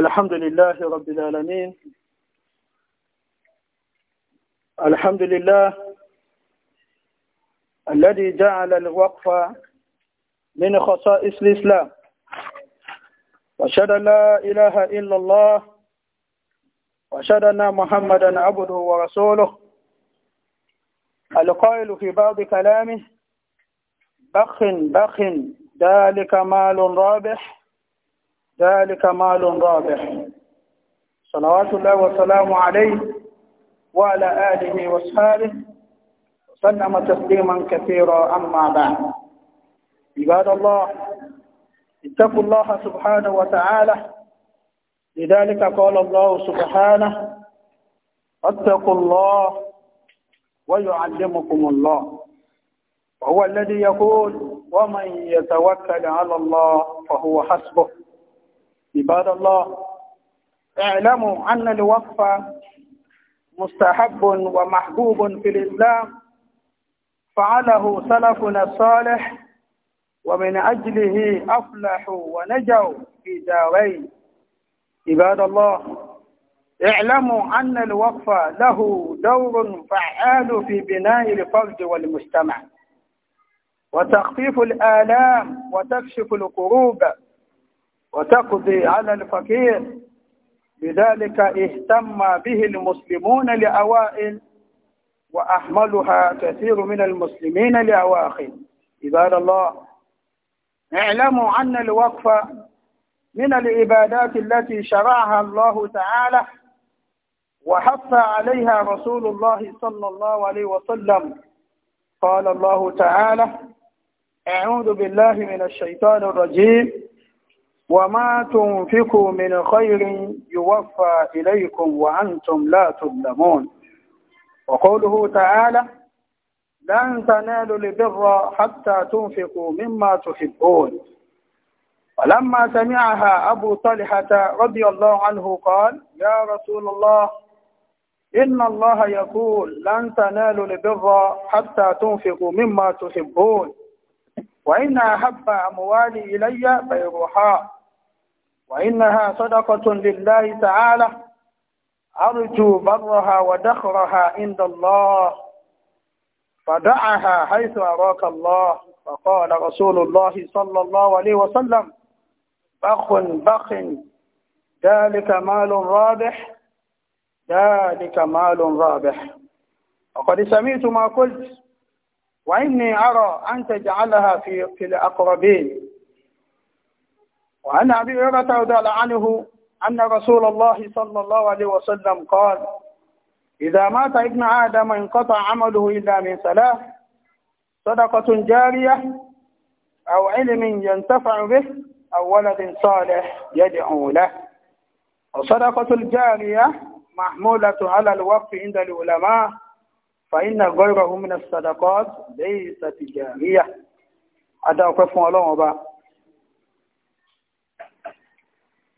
الحمد لله رب العالمين الحمد لله الذي جعل الوقف من خصائص الإسلام وأشهد لا إله إلا الله وأشهد أن محمدا عبده ورسوله القائل في بعض كلامه بخ بخ ذلك مال رابح ذلك مال رابح صلوات الله وسلامه عليه وعلى آله وصحابه وسلم تسليما كثيرا أما بعد عباد الله اتقوا الله سبحانه وتعالى لذلك قال الله سبحانه اتقوا الله ويعلمكم الله وهو الذي يقول ومن يتوكل على الله فهو حسبه عباد الله اعلموا أن الوقف مستحب ومحبوب في الإسلام فعله سلفنا الصالح ومن أجله أفلحوا ونجوا في دارين عباد الله اعلموا أن الوقف له دور فعال في بناء الفرد والمجتمع وتخفيف الآلام وتكشف الكروب وتقضي على الفقير لذلك اهتم به المسلمون لأوائل وأحملها كثير من المسلمين لأواخر عباد الله اعلموا أن الوقف من العبادات التي شرعها الله تعالى وحث عليها رسول الله صلى الله عليه وسلم قال الله تعالى أعوذ بالله من الشيطان الرجيم وما تنفقوا من خير يوفى إليكم وأنتم لا تظلمون وقوله تعالى لن تنالوا البر حتى تنفقوا مما تحبون ولما سمعها أبو طلحة رضي الله عنه قال يا رسول الله إن الله يقول لن تنالوا البر حتى تنفقوا مما تحبون وإن أحب أموالي إلي بيروحاء وإنها صدقة لله تعالى أرجو برها ودخرها عند الله فدعها حيث أراك الله فقال رسول الله صلى الله عليه وسلم بخ بخ ذلك مال رابح ذلك مال رابح وقد سمعت ما قلت وإني أرى أن تجعلها في, في الأقربين وعن أبي هريرة رضي الله عنه أن رسول الله صلى الله عليه وسلم قال إذا مات ابن آدم انقطع عمله إلا من ثلاث صدقة جارية أو علم ينتفع به أو ولد صالح يدعو له وصدقة الجارية محمولة على الوقف عند العلماء فإن غيره من الصدقات ليست جارية هذا كفو الله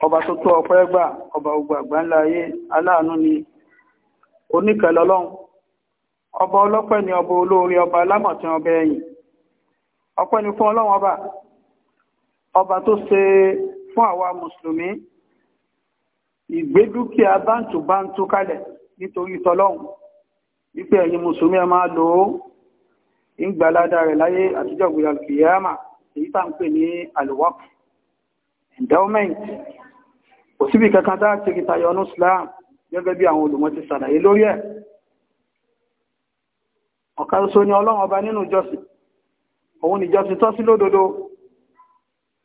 ọba tó tó ọpẹ́ gbà ọba ogun àgbà ńlá ayé aláàánú ni oníkẹlọlọ́run ọba ọlọ́pẹ́ ni ọba olóore ọba alámọ̀tí ọba ẹ̀yìn ọpẹ́ ni fún ọlọ́run ọba ọba tó ṣe fún àwa mùsùlùmí ìgbédúkìá báńtù báńtù kalẹ̀ nítorí tọlọ́run wípé ẹ̀yin mùsùlùmí ẹ máa lò ó ìgbàládà rẹ̀ láyé àtijọ́ ìgbìyànjú kìyàmà èyí tá ń pè ní alwaqf endowment kò síbi kankan tá ti kìtà yọnú Islam gẹ́gẹ́ bí àwọn olùmọ̀ ti sàlàyé lórí ẹ̀ ọ̀kan ṣoṣo ni Ọlọ́run ọba nínú ìjọsìn òun ni ìjọsìn tọ́ sí lódodo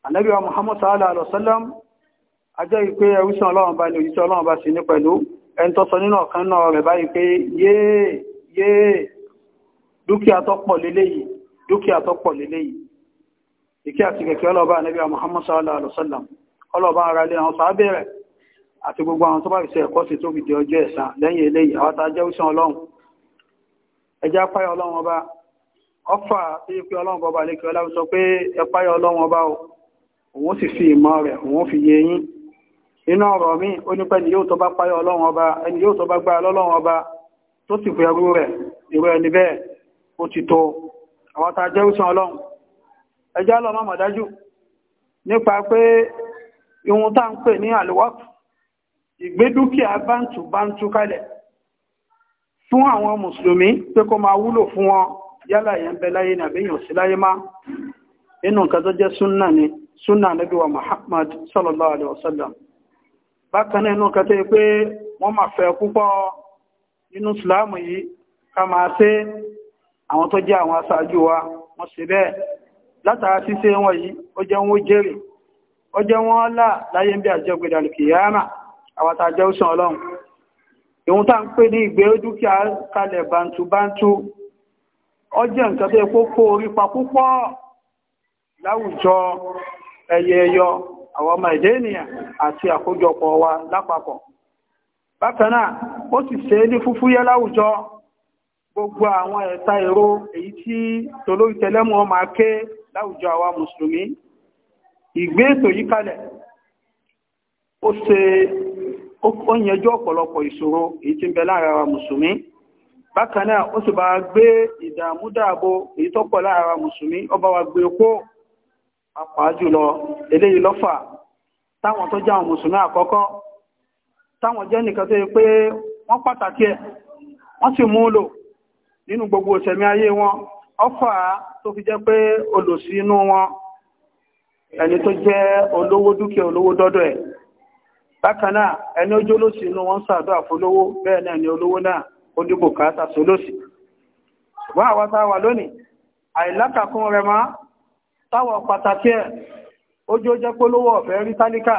Ànábì Muhammad sallallahu alaihi wasallam ajẹ́ ìpé ẹrúsìn Ọlọ́run ọba ni òjíṣẹ́ Ọlọ́run ọba sí ní pẹ̀lú ẹni tọ́ sọ nínú ọ̀kan náà rẹ̀ báyìí pé yéè yéè dúkìá tó pọ̀ lélẹ́yìí dúkìá tó pọ̀ lélẹ́yìí ìkí àti kẹ̀kẹ́ ọlọ́ọ̀bá Ànábì Muhammad sallallahu alaihi wasallam ọlọ́ọ̀bá ara lé àwọn sàábẹ̀ rẹ̀ àti gbogbo àwọn tó bá fi ṣe ẹ̀kọ́ sí tó fi di ọjọ́ ẹ̀san lẹ́yìn eléyìí àwọn tàjẹ́ òsàn ọlọ́run ẹjá páyọ ọlọ́run ọba ọfà tí pé ọlọ́run bọba lè kí ọlá sọ pé ẹ páyọ ọlọ́run ọba o òun sì fi ìmọ̀ rẹ̀ òun fi yé yín inú ọ̀rọ̀ mi ó ní pé ẹni yóò tó bá páyọ ọlọ́run ọba ẹni yóò tó bá gbá ọlọ́run ọba tó sì bẹ̀rù rẹ̀ ìwé ẹni bẹ́ẹ̀ ó ti tó àwọn tàjẹ́ òsàn ọlọ́run ẹjá lọ́mọ mọ̀dájú nípa pé ìhun tá ń pè ní àlùwọ́pù ìgbé dúkìá báńtù báńtù kalẹ̀ fún àwọn mùsùlùmí pé kó máa wúlò fún wọn yálà yẹn bẹ láyé ní àbíyàn sí láyé má inú nǹkan tó jẹ́ súnnà ni súnnà nabi wa Muhammad sallallahu alaihi wasallam bákan náà inú nǹkan tó yẹ pé wọ́n máa fẹ́ púpọ̀ nínú ìsìláàmù yìí ká máa ṣe àwọn tó jẹ́ àwọn aṣáájú wa wọ́n ṣe bẹ́ẹ̀ látara ṣíṣe wọn yìí ó jẹ́ wọn ó ó jẹ́ wọ́n láyé ń bí àjọ gbèdà kìyàmà àwọn tàjẹ́ òsàn ọlọ́run ìhun tá ń pè ní ìgbé dúkìá kalẹ̀ bàǹtùbàǹtù ó nǹkan tó epo kó orí pa púpọ̀ láwùjọ ẹyẹ ẹyọ àwọn wa lápapọ̀ bákan náà ó sì ṣe gbogbo àwọn ẹ̀ta èrò èyí tí ọmọ láwùjọ ìgbé ètò yí kalẹ̀ ó ṣe ó ọ̀pọ̀lọpọ̀ ìṣòro èyí ti ń bẹ láàrin wa musulmi bákan ó sì bá gbé ìdàmúdàbò èyí tó pọ̀ láàrin wa mùsùlùmí ó bá wa gbé kó pàápàá jùlọ eléyìí lọ́fà táwọn tó gbogbo ìṣẹ̀mí ayé wọn ọfà tó ẹni tó jẹ́ olówó dúkìá olówó dọ́dọ̀ ẹ̀ bákan náà ẹni ojú olóṣì inú wọn sàdọ́ fólówó bẹ́ẹ̀ náà ni olówó náà ó dìbò káàtà sólóṣì ṣùgbọ́n àwa tá lónìí àìlákàkún máa táwọn pàtàkì ẹ̀ jẹ́ polówó ọ̀fẹ́ rí tálíkà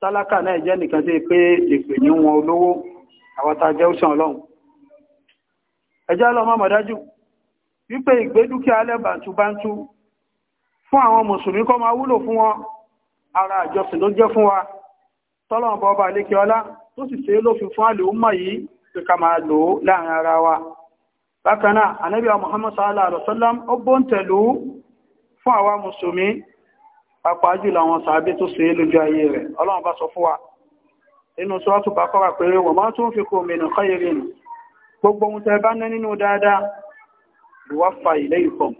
tálákà náà jẹ́ nìkan pé ìpè ní wọn olówó àwọn tá a jẹ́ òṣàn ọlọ́run ẹjẹ́ lọ́mọ mọ̀dájú wípé fún àwọn mùsùlùmí kọ́ máa wúlò fún wọn ara àjọsìn ló jẹ́ fún wa tọ́lọ̀n bọ́ bá lékẹ́ ọlá tó sì ṣe ló fi fún àlèúmọ̀ yìí pé ká máa lò ó láàrin ara wa bákan náà anábíà Muhammad sallallahu alaihi wasallam ó bó ń tẹ̀lú fún àwa mùsùlùmí pàápàá jùlọ àwọn sàábé tó ṣe lójú ayé rẹ̀ ọlọ́run bá sọ fún wa inú sọ́ọ̀tù bá kọ́ra pé wa ma tunfiqu min khairin gbogbo ohun tẹ́ bá ná nínú dáadáa yuwaffa ilaykum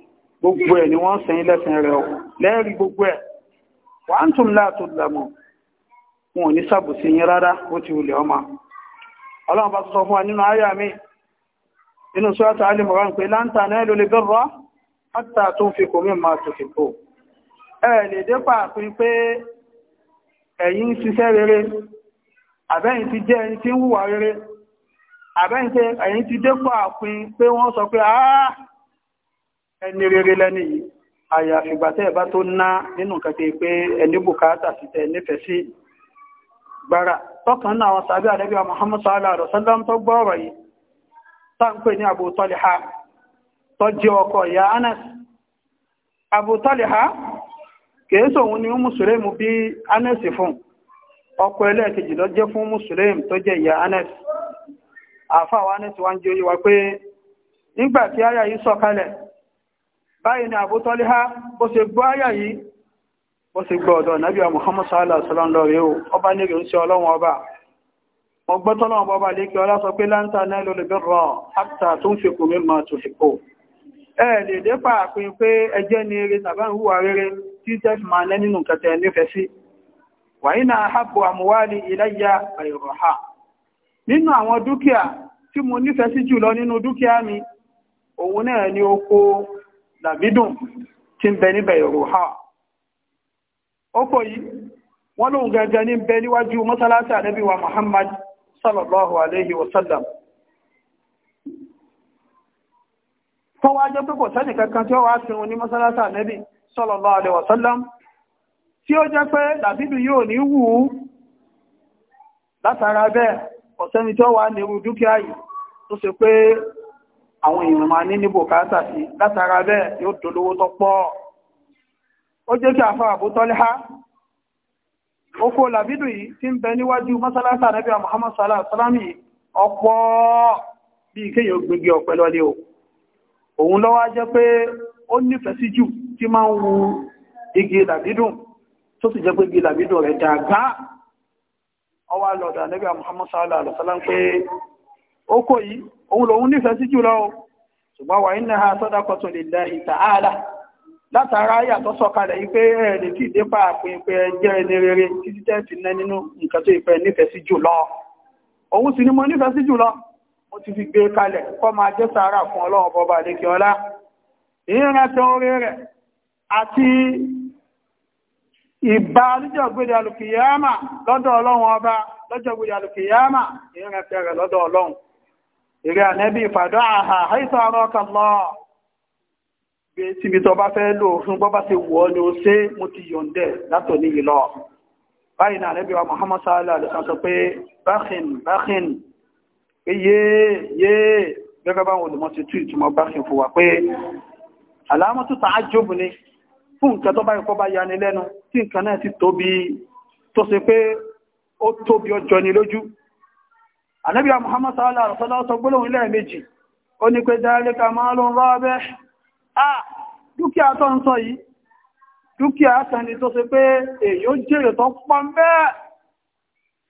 gbogbo ẹ̀ ni wọ́n sẹ́yìn lẹ́sìn rẹ̀ lẹ́rí gbogbo ẹ̀ wà ń tún láàtò lámọ̀ wọn ò ní sàbòsí yín rárá ó ti wùlẹ̀ ọmọ ọlọ́run bá sọ fún wa nínú àyà mi inú sọ́ọ́tà alìmọ̀rán pé láńtà náà ló lè bẹ̀rọ àtà tó ń fi kò mí máa tòkè kò ẹ lè dé pàápín pé ẹ̀yin ṣiṣẹ́ rere àbẹ́yìn ti jẹ́ ẹni tí ń hùwà rere àbẹ́yìn ti dé pàápín pé wọ́n sọ pé àá ẹni rere lẹ́ni yìí àyàfi ìgbà tẹ́ ẹ bá tó ná nínú nǹkan tẹ́ pé ẹni bùkátà sí tẹ́ nífẹ̀ẹ́ sí gbára tọkàn náà àwọn sàbí àdẹ́bíà Muhammad sallallahu alaihi tó gbọ́ ọ̀rọ̀ yìí tá ń pè ní tó jẹ́ ni bí Anas fún ọkọ ẹlẹ́ẹ̀kejì lọ jẹ́ fún mùsùlùmí tó jẹ́ ìyá Anas àfáwọn Anas wá ń jẹ́ pé nígbà tí yìí sọ̀kalẹ̀ báyìí ni Abu Taliha bó ṣe gbọ́ àyà yìí bó ṣe gbọ́ ọ̀dọ̀ nàbí wa Muhammad sallallahu alaihi wasallam lọ́rẹ́ o ọba ní ìrìn sí ọlọ́run ọba mo gbọ́ tọ́lọ́run ọba lékè ọlá sọ pé láńtà náà ló lè bẹ́ rọ ápùtà tó ń fi kù mí máa tòṣì kò ẹ lè dé pàápín pé ẹjẹ́ ni eré tàbá iléyà àìrọ̀hà nínú àwọn dúkìá tí mo nífẹ̀ẹ́ sí jùlọ nínú dúkìá mi òun náà ni oko dàbídùn tí ń bẹ níbẹ̀ ìrò ha o yìí wọ́n lóun gẹ́gẹ́ ní bẹ níwájú mọ́sálásí wa Muhammad sallallahu alaihi wasallam tó wá jẹ́ pé kankan tí ó wá sin òní mọ́sálásí sallallahu alaihi wasallam tí ó jẹ́ pé dàbídùn yóò ní wù ú látara bẹ́ẹ̀ ọ̀sẹ́ni tí ó wà dúkìá yìí tó àwọn èèyàn máa ní níbò káàtà sí látara bẹ́ẹ̀ yóò dolówó tó pọ̀ ó jẹ́ kí àfá làbídù yìí tí ń bẹ níwájú mọ́sálásà bí kéèyàn gbígbé ọ̀pẹ lọ́lé o òun lọ́wọ́ jẹ́ pé ó nífẹ̀ẹ́ sí jù tí máa ń wu igi làbídùn tó sì jẹ́ pé igi làbídùn rẹ̀ dàgbà òun lòun nífẹ̀ẹ́ sí jùlọ o ṣùgbọ́n wà iná ha sọ́dọ̀kọ̀tún lè dá ìtààlà látara yàtọ̀ sọ̀kalẹ̀ ipé ẹ̀rẹ̀ tí ìdépà pínpẹ́ jẹ́ ẹni rere títí tẹ́ ti ná nínú nǹkan tó ìfẹ́ nífẹ̀ẹ́ sí jùlọ òun sì ni mo nífẹ̀ẹ́ sí jùlọ mo ti fi gbé e kalẹ̀ kọ́ máa jẹ́ fún ọlọ́run bọba orí rẹ̀ àti ìbá ìrẹ́ ànẹ́bí ìfàdọ́ àhà àìsàn àrọ́ kàlọ́ gbé síbi tó bá fẹ́ lò fún bọ́ bá ti wọ́ ni ó sé mo ti yọ̀ǹdẹ̀ látọ̀ ní ìlọ báyìí náà ànẹ́bí wa Muhammad sallallahu alaihi wasallam sọ pé báxin báxin pé yéé yéé gẹ́gẹ́ báwọn olùmọ̀ ti tú ìtumọ̀ báxin fún wa pé àlámọ́tò tààjòbù ni fún nǹkan tó bá ikọ́ bá yani Ànábì Muhammad sallallahu alaihi wasallam sọ gbólóhùn lẹ́ẹ̀mejì ó ní pé dhalika malun rabih ah dúkìá tó ń sọ yìí dúkìá kan ni tó ṣe pé èyí ó jèrè tó pọ̀ ń bẹ́ẹ̀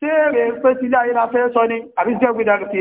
tẹ́ẹ̀rẹ̀ pé ti ilé ayéra fẹ́ sọ ni àbí jẹ́ gbìdàgbì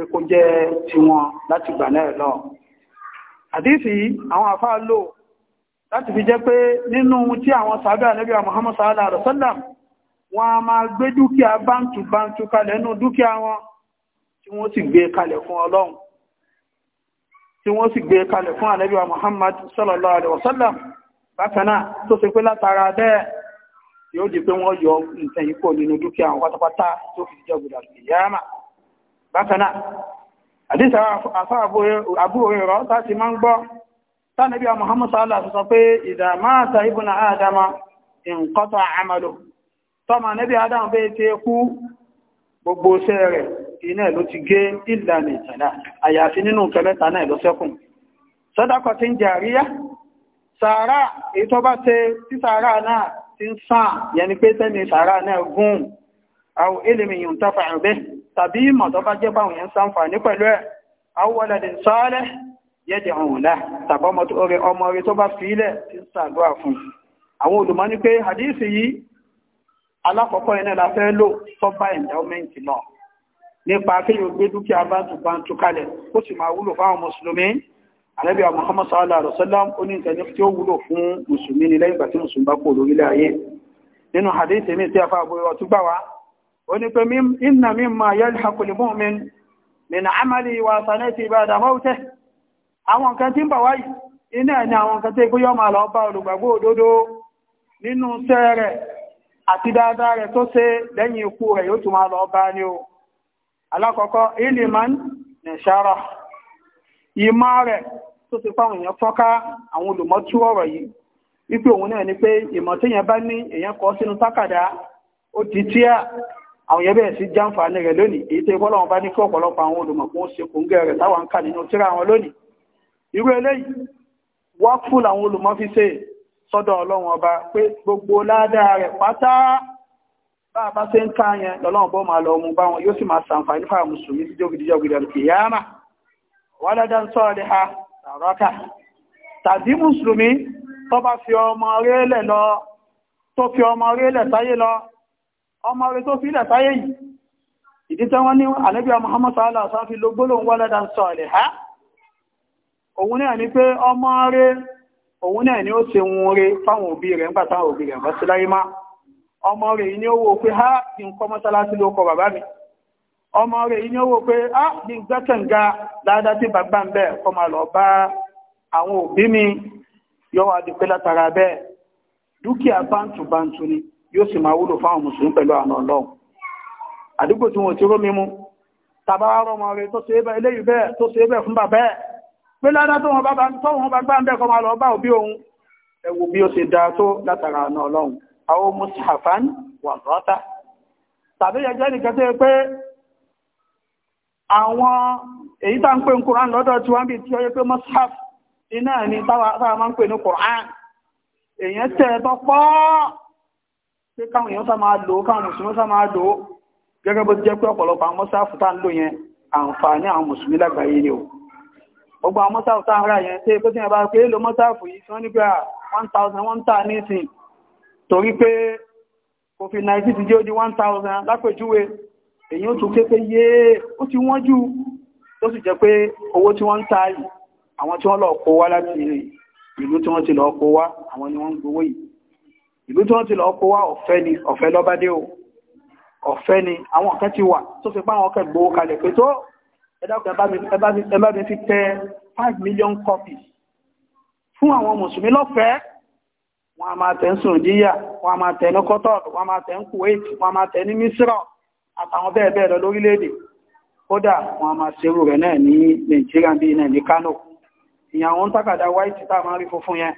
pé kó jẹ́ tiwọn láti gbà náà lọ àdífì àwọn àfáà lò láti fi jẹ́ pé nínú tí àwọn sàábẹ́ ànábì Muhammad sallallahu alaihi wasallam wọn a máa gbé dúkìá báńtù báńtù kalẹ̀ nínú dúkìá wọn tí wọ́n sì gbé kalẹ̀ fún Ọlọ́run tí wọ́n sì gbé kalẹ̀ fún ànábì Muhammad sallallahu alaihi wasallam bákan náà tó ṣe pé látara bẹ́ẹ̀ yóò di pé wọ́n yọ nǹkan yìí kò nínú dúkìá wọn pátápátá tó fi jẹ́ gbùdàgbìyàmà bákaná àdísà àbúrò rọ̀ láti máa ń gbọ́ tánàbí a Muhammad sallallahu sọ pé ìdà ibùnà àdáma ìǹkọ́ta àmàlò tọ́mà nẹ́bí àdáma bẹ́ ti kú gbogbo iṣẹ́ rẹ̀ iná ló ti gé ìlànà ìtàdá ti àwọn ilmi yìí ń tọ́fà ẹ̀bẹ́ tàbí ìmọ̀ tó bá jẹ́ báwọn yẹn ṣàǹfààní pẹ̀lú ẹ̀ awọ́lẹ̀dẹ̀ sọ́ọ́lẹ̀ yẹ́dẹ̀ ọ̀hún lá tàbọ́mọ ọmọ rẹ̀ tó bá fílẹ̀ tí ń ṣàdúrà fún àwọn olùmọ̀ ní pé hadisi yìí alákọ̀ọ́kọ́ iná la fẹ́ lò tó bá endowment lọ nípa kéèyàn gbé dúkìá bá tún bá ń tú kalẹ̀ ó sì máa wúlò fáwọn mùsùlùmí àlẹ́bí àwọn Muhammad sallallahu alaihi wasallam ó ní nǹkan tí ó wúlò fún mùsùlùmí ní lẹ́yìn ìgbà tí mùsùlùmí bá kó lórílẹ̀ ayé nínú hadisi mi tí a fa àbúrò ọtún wá ó ní pé inna mimma yalhaqu al-mu'min min 'amalihi wa sanati ba'da mawtihi àwọn nǹkan tí ń bọ̀ wáyìí iná ẹni àwọn nǹkan tí ìgbóyọ́ máa àti dáadáa rẹ̀ tó ṣe lẹ́yìn ikú yóò tún máa lọ bá o iliman na ìmọ̀ rẹ̀ tó ti fáwọn èèyàn fọ́ká àwọn olùmọ́tú ọ̀rọ̀ yìí wípé òun náà ni pé bá ní èèyàn kọ sínú tákàdá ó àwọn yẹn bẹ̀rẹ̀ sí jàǹfààní rẹ̀ lónìí èyí tó ìbọ́lọ̀ wọn bá ní fún ọ̀pọ̀lọpọ̀ àwọn olùmọ̀ kó ń ṣe kòǹgẹ́ rẹ̀ táwọn ń kà nínú tíra wọn lónìí irú eléyìí wákùú làwọn olùmọ̀ fi ṣe sọ́dọ̀ ọlọ́run ọba pé gbogbo ládàá rẹ̀ pátá bá a bá ṣe ń ká yẹn lọ́lọ́run bọ́ máa lọ mú bá wọn yóò sì máa ṣàǹfààní fáwọn mùsùlùmí sí jógidíjógidí alùkìyàmà wà dáadáa ń sọ́rọ̀ lè ha tààràkà tàbí mùsùlùmí tó bá fi ọmọ rélẹ̀ lọ tó fi ọmọ rélẹ̀ sáyé lọ ọmọ rẹ̀ tó fílẹ̀ sáyé yìí ìdí ní ànábì Muhammad sallallahu fi lógbólóhùn waladan saliha òun náà ni pé ọmọ rẹ̀ òun náà ni ó ṣe wọn rẹ̀ fáwọn òbí rẹ̀ nígbà òbí rẹ̀ ọmọ rẹ̀ yìí ni ó pé ha mọ́sálásí ló kọ bàbá mi ọmọ rẹ̀ yìí ni ó ha gbẹ́kẹ̀ǹga dáadáa tí ń máa lọ bá àwọn òbí mi yóò sì máa wúlò fáwọn mùsùlùmí pẹ̀lú àwọn ọlọ́run àdúgbò tí wọ́n ti ró mímú tàbá rọmọ rẹ̀ tó ṣe bẹ́ẹ̀ eléyìí bẹ́ẹ̀ tó ṣe bẹ́ẹ̀ fún bàbá ẹ̀ pé ládá tó wọn bá gbá ń bẹ́ẹ̀ kọ́ máa lọ bá òbí òun ẹ wò bí ó ṣe dáa tó látara àna ọlọ́run àwọn mùsàfán wà rọ́tà tàbí ẹjẹ́ nìkan tó yẹ pé àwọn èyí tá ń pè ní Kùrán lọ́dọ̀ tí wọ́n bí tí ó yẹ pé mọ́sáf iná ẹni táwa máa ń pè ní Kùrán èèyàn tẹ́ tọ́pọ́ pé káwọn èèyàn sá máa lò ó káwọn mùsùlùmí sá máa lò ó gẹ́gẹ́ bó jẹ́ pé ọ̀pọ̀lọpọ̀ àwọn mọ́sáàfù tá ń lò yẹn àǹfààní àwọn mùsùlùmí lágbàáyé ni o gbogbo mọ́sáàfù tá ń rà yẹn tí pé tí wọ́n pé lo mọ́sáàfù yìí tí wọ́n nígbà 1000 ah, wọ́n ń tà torí pé covid-19 ti jẹ́ ó di 1000 lápèjúwe èyàn tún képe yé ó ti wọ́n jù tó sì jẹ́ pé owó tí wọ́n ń ta àwọn tí wọ́n lọ kó wá láti ìlú tí wọ́n ti lọ kó wá àwọn ni wọ́n gbowó yìí ìlú tí wọ́n ti lọ wá ọ̀fẹ́ ni ọ̀fẹ́ lọ́bádé o ọ̀fẹ́ ni àwọn kan ti wà tó fi pa àwọn kan gbowó kalẹ̀ pé tó ẹ̀dàkùn fi tẹ 5 million copies fún àwọn mùsùlùmí lọ́fẹ̀ẹ́ wọ́n a máa tẹ̀ ń Saudiya wọ́n a máa tẹ̀ ní Qatar wọ́n a máa tẹ̀ ń Kuwait wọ́n a máa tẹ̀ ní Misra àtàwọn bẹ́ẹ̀ bẹ́ẹ̀ lọ lórílẹ̀-èdè kódà wọ́n a máa ṣerú rẹ̀ náà ní Nàìjíríà bíi náà ní Kano ìyàwó ń tàkàdá white tá a máa rí funfun yẹn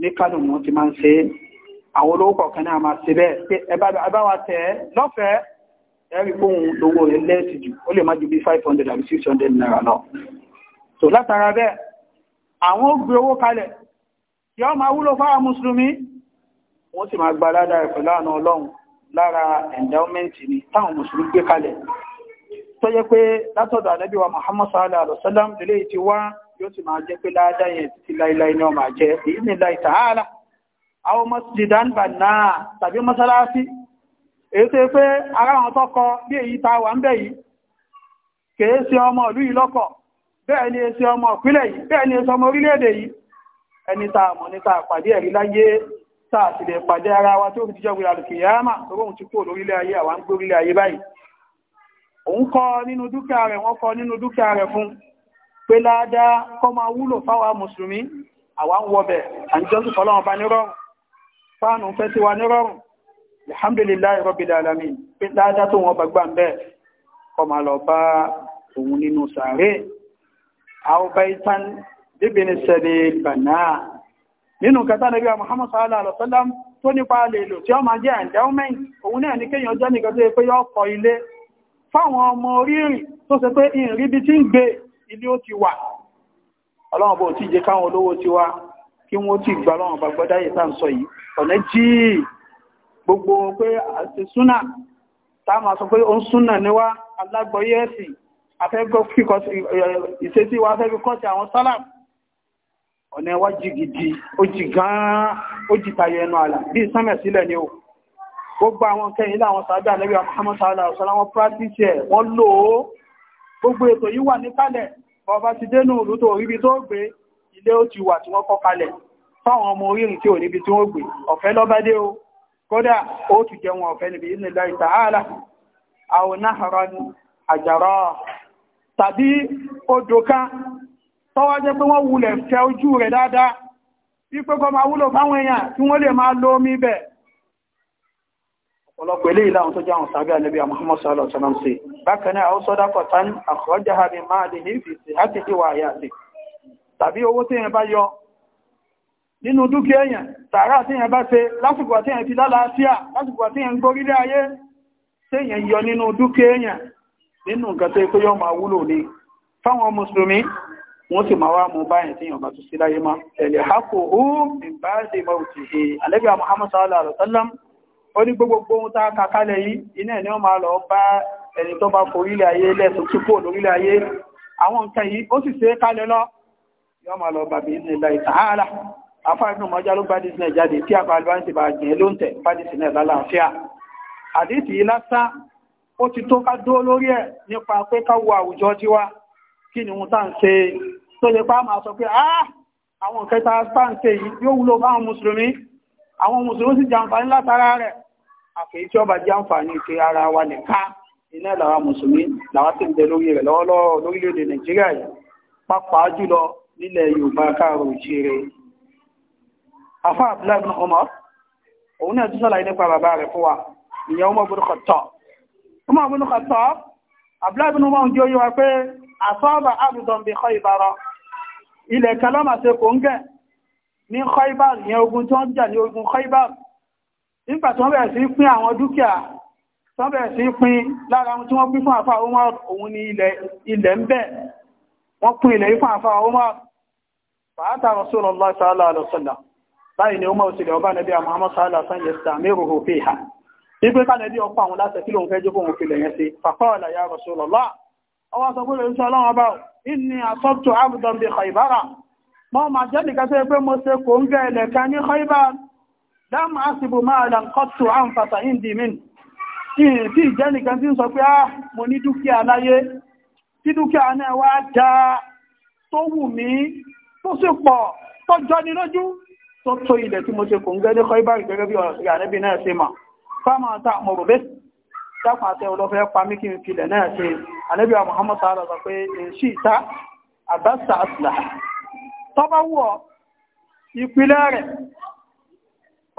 ní Kano ni wọ́n ti máa ń ṣe àwọn olówó kọ̀ọ̀kan náà máa ṣe bẹ́ẹ̀ ẹbáwà tẹ́ lọ́fẹ̀ẹ́ ẹ̀rí fóhun lówó rẹ̀ lẹ́ẹ̀sì jù ó lè má jù bí 500 àbí 600 naira lọ so látara bẹ́ẹ̀ àwọn ó owó kalẹ̀ yọ́ máa wúlò fáwọn mùsùlùmí wọ́n sì máa gba ládà rẹ̀ pẹ̀lú ọlọ́run lára endowment ni táwọn gbé kalẹ̀ tó yẹ pé látọ̀dọ̀ wa Muhammad sallallahu alaihi wa sallam lélẹ́yìí ti wọ́n máa jẹ́ èyí ni láì tààlà àwọn masjidan banna tàbí masalasi èyí tó pé ara wọn tọ́kọ bí èyí ta wà ń bẹ̀ yìí kèé sí ọmọ ìlú yìí lọ́kọ̀ bẹ́ẹ̀ ni èsì ọmọ ìpínlẹ̀ yìí bẹ́ẹ̀ ni èsì ọmọ orílẹ̀-èdè yìí ẹni tá a mọ̀ ní tá a pàdé ẹ̀rí láyé tá a sì lè pàdé ara wa tí ó fi jíjọ́ wíra lùkì yáàmà tó bóhun ti kúrò lórílẹ̀ ayé àwọn ń ayé báyìí òun kọ nínú dúkìá rẹ̀ wọ́n kọ nínú dúkìá rẹ̀ fún pé ládàá kọ́ máa wúlò fáwa mùsùlùmí àwa wọbẹ̀ àǹjọ́sùn fọlọ́run bá nírọ̀rùn fáànù fẹ́ sí wa ní rọrùn alhamdulillahi rabbil alamin pé dáadáa tó wọn bàgbà ń bẹ́ kọ ma lọ bá òun nínú sàárè àwọ̀báìtàn bíbìnrin sẹ́lẹ̀ bàná nínú kẹta nàbí wa muhammad sallallahu alaihi wasallam tó nípa lè lò tí ó máa jẹ́ endowment òun náà ní kéèyàn jẹ́ nìkan tó yẹ pé yọ́ kọ́ ilé fáwọn ọmọ orírìn tó ṣe pé ìrìbí kí wọ́n ti gbà lọ́wọ́n bá gbọ́dá yìí tá ń sọ yìí ọ̀nà jíì gbogbo pé àti súnà tá máa sọ pé ó ń súnà níwá alágbọ̀yé ẹ̀sìn wa afẹ́gbẹ́ kọ́sí àwọn sálà ọ̀nà ẹwà jì gidi ó jì gan-an ó jì tayọ ẹnu àlà bí sánmẹ̀ sílẹ̀ ni ó gbogbo àwọn kẹyìn láwọn àwọn practice ẹ̀ wọ́n lò ó ilé ó ti wà tí wọ́n kọ́ kalẹ̀ fáwọn ọmọ orírin tí ò níbi tí wọ́n gbé ọ̀fẹ́ lọ́bádé o kódà ó tù jẹ wọn ọ̀fẹ́ níbi ilẹ̀ láì tààlà àwọn náà àjàrà tàbí odò kan tọ́wọ́ jẹ́ pé wọ́n wulẹ̀ tẹ ojú rẹ̀ dáadáa wípé kọ́ máa wúlò fáwọn èèyàn tí wọ́n lè máa lo omi bẹ̀ ọ̀pọ̀lọpọ̀ ilé ìlànà tó jẹ́ àwọn sàbí àlẹ́bí Muhammad sallallahu alaihi sí bákan náà àwọn sọ́dákọ̀ tán àkọ́jáhàbí máa lè ní ìfìsì àti ìwà àyàtì tàbí owó tí yẹn bá yọ nínú dúkìá èèyàn tààrà tí yẹn bá ṣe lásìkò tí yẹn ti lálàáfíà lásìkò tí yẹn gbórílẹ̀ ayé tí yẹn yọ nínú dúkìá èèyàn nínú nǹkan tó pé yọ máa wúlò ní fáwọn mùsùlùmí wọ́n sì máa wá mú báyìí tí yẹn bá tún sí láyé má ẹ̀lẹ̀ hapò ó ìbáṣe mọ̀tì he alẹ́bíà Muhammad sallallahu alaihi wasallam ó ní gbogbo ohun tá a kà kalẹ̀ yìí iná ẹ̀ ni máa lọ bá ẹni tó bá forílẹ̀ ayé lẹ́sùn tí kò lórílẹ̀ ayé àwọn nǹkan yìí ó sì ṣe é kalẹ̀ lọ yọ́ máa lọ bàbí ní ilẹ̀ ìtàhálà afáàrin mọ́já ló bádìsí náà jáde tí àpá albáńtì bá jẹ́ ló ń tẹ̀ bádìsí náà lálàáfíà àdìsí lásán ó ti tó ká dúró lórí ẹ̀ nípa pé káwọ àwùjọ tiwa kí ni wọn táà ń ṣe tó lè pa máa sọ pé ah àwọn nǹkan tá a ń ṣe yìí yóò wúlò fáwọn mùsùlùmí àwọn mùsùlùmí sì jàǹfààní látara rẹ̀ àfẹ́yí tí ó bá jàǹfààní ti ara wa nìkan iná làwa mùsùlùmí làwa sì ń bẹ lórí rẹ̀ lọ́wọ́lọ́wọ́ nílẹ̀ Yorùbá káàrọ̀ òjíire afá abdullahi bin Umar òun náà tún sọ́làyé nípa bàbá rẹ̀ fún wa ìyẹn Umar bin Khattab Umar bin Khattab abdullahi bin Umar jẹ́ yíwa pé asọ́ọ̀bà abdùn bí Khaybara ilẹ̀ kalama ṣe kò ń gẹ̀ ní Khaybar ní ogun tó ń jà ní ogun Khaybar nígbà tó bẹ̀rẹ̀ sí pín àwọn dúkìá tó bẹ̀rẹ̀ sí pín lára ohun tí wọ́n pín ilẹ̀ ń wọ́n pín ilẹ̀ ipá àfà ọmọ fàátà Rasulullah sallallahu alaihi wasallam báyìí ni ọmọ òsìlẹ̀ ọba nẹbí Muhammad sallallahu alaihi wasallam yastamiruhu fiha ipe ká nẹbí ọkọ̀ àwọn láti kí lóun fẹ́ jókòó òun filẹ̀ yẹn sí faqala ya Rasulullah ọwọ́ sọ pé lóun sọ ọlọ́run ọba inni asabtu abdan bi Khaybara mọ́ ma jẹ́ nìkan tó yẹ pé mo ṣe kò ń gẹ ilẹ̀ kan ní Khaybar tí ń sọ pé ah mo ní dúkìá láyé tí dúkìá náà wá já tó wù mí tó sì pọ̀ tó jọni lójú tó tó ilẹ̀ tí mo ṣe kò ń gẹ́ ní kọ́íbá ìgẹ́gẹ́ bí ìyànẹ́bí náà ṣe mà fáwọn àti àmọ̀rò bẹ́ẹ̀ dákùn àti ọlọ́fẹ́ pa mí kí n filẹ̀ náà ṣe ànẹ́bí wa Muhammad sallá sọ pé èṣì ìta àbáṣà àṣìlá tó bá wù ọ́ ìpìlẹ̀ rẹ̀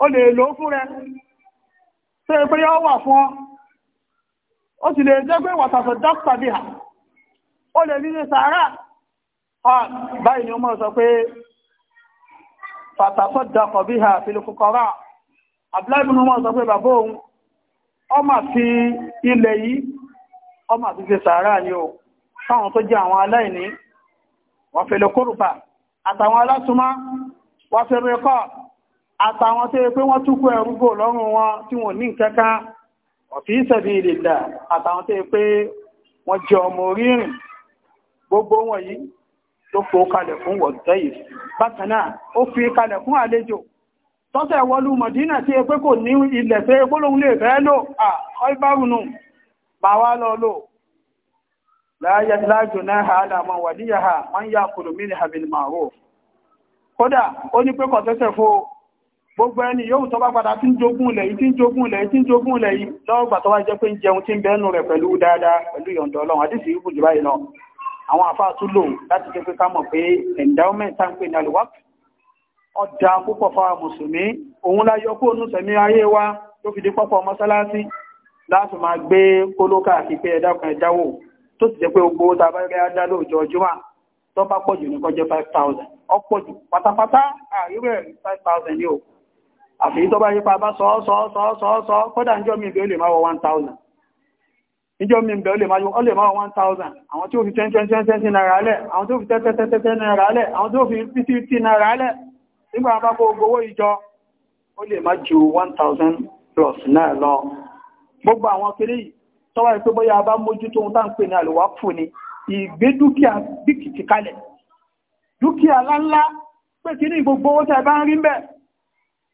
ó lè lò fún rẹ̀ tó yẹ pé yọ́ wà fún ọ ó sì lè jẹ́ pé wàtàṣọ dákùtà bí ó lè ní ní sàárà báyìí ni ó mọ́ sọ pé fàtàkọ́ dakọ̀ bí ha fi lè kọkọrọ àbúláìbù ni ó mọ́ sọ pé bàbá òun ọmọ fi ilẹ̀ yìí ọmọ fi fi sàárà ni ó fáwọn tó jẹ́ àwọn aláìní wọ́n fi lè kórùpà àtàwọn alásùnmọ́ wọ́n fi rẹ́kọ́ àtàwọn tó yẹ pé wọ́n túkú ẹrúgbò lọ́rùn wọn tí wọ́n ní kankan ọ̀fíìsẹ̀bí ìrìnlẹ̀ àtàwọn tó yẹ pé wọ́n jẹ ọmọ orí rìn gbogbo wọn yìí tó kó kalẹ̀ fún wọ̀tẹ́ yìí bákan náà ó fi kalẹ̀ fún àlejò tọ́tẹ̀ wọlú mọ̀dínà tí ẹgbẹ́ kò ní ilẹ̀ pé gbólóhùn lè fẹ́ lò à ọ́ibárùnù bàwá lọ lò náà ha àdàmọ̀ ha wọ́n yá kùrù mílì habil kódà ní pé gbogbo àwọn àfáà tún lò láti jẹ́ pé ká mọ̀ pé endowment tá ń pè ní alwaq ọjà púpọ̀ fáwọn mùsùlùmí òun láyọ kó nù sẹ̀mí ayé wa tó fi di pọ́pọ̀ mọ́sálásí láti máa gbé kólókà àti pé ẹ̀dàkùn ẹ̀dáwò tó sì jẹ́ pé gbogbo ta bá rẹ́ dá lóòjọ́ ọjọ́mà tó bá pọ̀jù ní kọjẹ́ 5,000 ọpọ̀jù pátápátá àríwẹ̀ 5,000 ni o àfi tó bá yípa bá sọ́ọ́sọ́ọ́sọ́ọ́sọ́ kódà ń jọ́ mi ìbí ó lè máa wọ 1,000 níjọ́ mi bẹ̀ olè máa wọ́n 1000 àwọn tí ó fi 10 náírà lẹ̀ àwọn tí ó fi 10 náírà lẹ̀ àwọn tí ó fi 50 náírà lẹ̀ nígbà bá kó gbowó ìjọ ó lè má ju 1000 plus náà lọ gbogbo àwọn kiri tọ́wà ìpé bóyá bá mójú tó ń tàn pè ní àlùwá fún ni ìgbé dúkìá bíkìtì kalẹ̀ dúkìá láńlá pé kí ní gbogbo owó tẹ́ bá ń rí bẹ́ẹ̀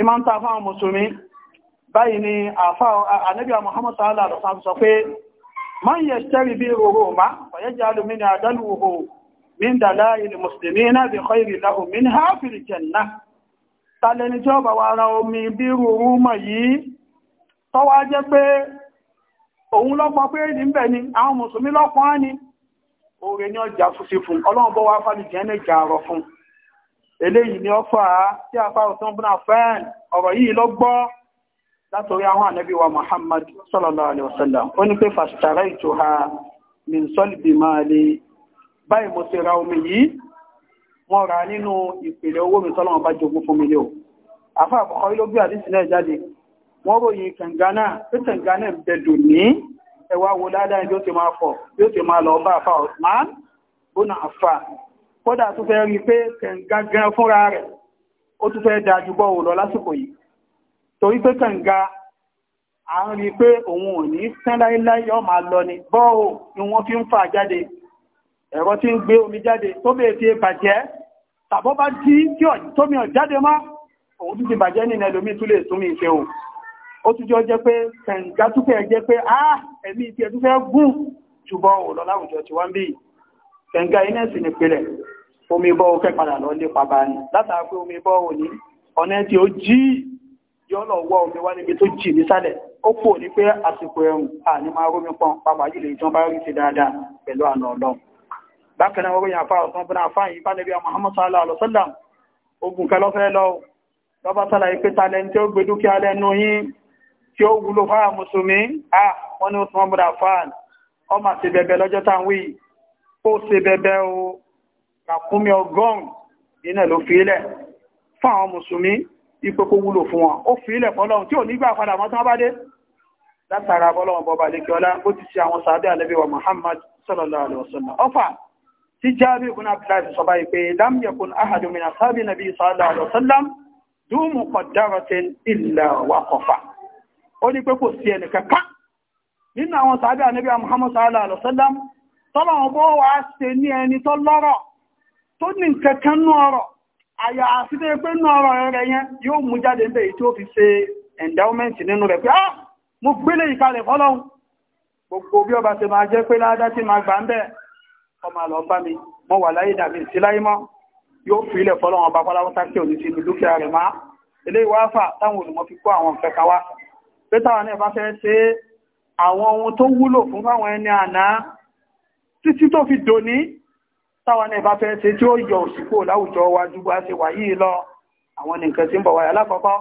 ìmá ń ta fáwọn mùsùlùmí báyìí ni ànábíà Muhammad sallallahu alaihi wasallam sọ bi ruhuma fa yaj'alu min adalluhu min dalail muslimina bi khayri lahu minha fil jannah tàlẹni tí ó bá wà ra omi bí ruhuma yìí jẹ́ pé òun lọ́pọ̀ pé ní bẹ̀ ni àwọn mùsùlùmí lọ́pọ̀ á ọjà fún ọlọ́run bọ́ wá eléyìí ni ó fà á tí a fáwọn tó ń búná fẹ́ẹ̀n ọ̀rọ̀ yìí ló gbọ́ látòrí àwọn ànábì wa Muhammad sallallahu alaihi wasallam ó ní pé fàṣítàrà ìtò ha min sọ́lìbì máa lè báyìí mo ti ra omi yìí wọ́n ra nínú ìpìlẹ̀ owó mi tọ́lọ́wọ́n bá jogún fún mi lé o àfá àkọ́kọ́ ló gbé àdísì náà jáde wọ́n ròyìn kàngánà pé kàngánà bẹ̀dù ní ẹwà kódà tó fẹ́ rí pé kànga gan fúnra rẹ̀ ó tún fẹ́ da jùbọ́ òun lọ lásìkò yìí torí pé kànga à ń rí pé òun ò ní tán láíláí yọ́ máa lọ ni bọ́ọ̀ ni wọ́n fi ń fà jáde ẹ̀rọ tí ń gbé omi jáde tó bèè ti bàjẹ́ tàbọ́ bá dí kí tómi ọ̀ jáde má òun tún ti bàjẹ́ nínú ẹlòmí tún lè túnmí ìṣe o ó tún jọ jẹ́ pé kànga tún fẹ́ jẹ́ pé á ẹ̀mí ti ẹ̀ tún fẹ́ gùn jùbọ́ òun lọ láwùjọ tí wọ́n bí kànga iná sì omi bọ́ọ̀ fẹ́ padà lọ lé pàbá ní látàrí pé omi bọ́ọ̀ ní ọ̀nà tí ó jí yọ́lọ̀ wọ́ omi wá níbi tó jì nísàlẹ̀ ó pò ní pé àsìkò ẹ̀rùn àní máa rómi pọn pàpà jùlọ ìjọ bá rí ti dáadáa pẹ̀lú àna ọlọ́run bákan náà orí àfa ọ̀sán bọ́nà àfa yìí bá níbi Muhammad sallallahu alaihi wasallam ogun kẹ lọ́fẹ́ lọ lọ́ba sálà yìí pé talẹ̀ tí ó gbé dúkìá lẹ́nu yín tí ó wúlò fáwọn mùsùlùmí à wọ́n ní Usman bọ́nà àfa ọmọ àti bẹ̀bẹ̀ lọ́jọ́ táwọn wí ó ṣe bẹ̀bẹ̀ o ràkúnmí ọgọ́rùn iná ló fi ilẹ̀ fún àwọn mùsùlùmí ipò kó wúlò fún wọn ó fi ilẹ̀ fọ́lọ́run tí ò nígbà padà mọ́ tán bá dé látara bọ́lọ́run bọba lẹ́kẹ́ọ́lá ó ti ṣe àwọn sàádé àlẹ́bíwà Muhammad sallallahu alaihi wasallam ọfà tí jábí ibùn abdullahi ní ẹni tó lọ́rọ̀ tó ní nǹkankan nú ọ̀rọ̀ àyà àfíṣẹ́ pé nú ọ̀rọ̀ rẹ̀ yẹn yóò mú jáde bẹ́ẹ̀ tí ó fi ṣe endowment nínú rẹ̀ pé ah mo gbélé ìkalẹ̀ fọ́lọ́hun gbogbo bí ọba ṣe máa jẹ́ pé ládá tí máa gbà ń bẹ́ẹ̀ ọmọ àlọ́ bá mi mo wà láyé dàbí sí láyé mọ́ yóò fi ilẹ̀ fọ́lọ́hun ọba páláwọ́ta tí ò ní sínú dúkìá rẹ̀ máa ilé ìwáfà táwọn olùmọ̀ fi kó àwọn nǹkan kan wá pé táwọn náà bá fẹ́ ṣe àwọn ohun tó wúlò fún fáwọn ẹni àná títí tó fi dòní táwọn náà bá fẹ́ ṣe tí ó yọ òsìkò láwùjọ wa ju bá ṣe wà yìí lọ àwọn nìkan tí ń bọ̀ wáyà lákọ̀ọ́kọ́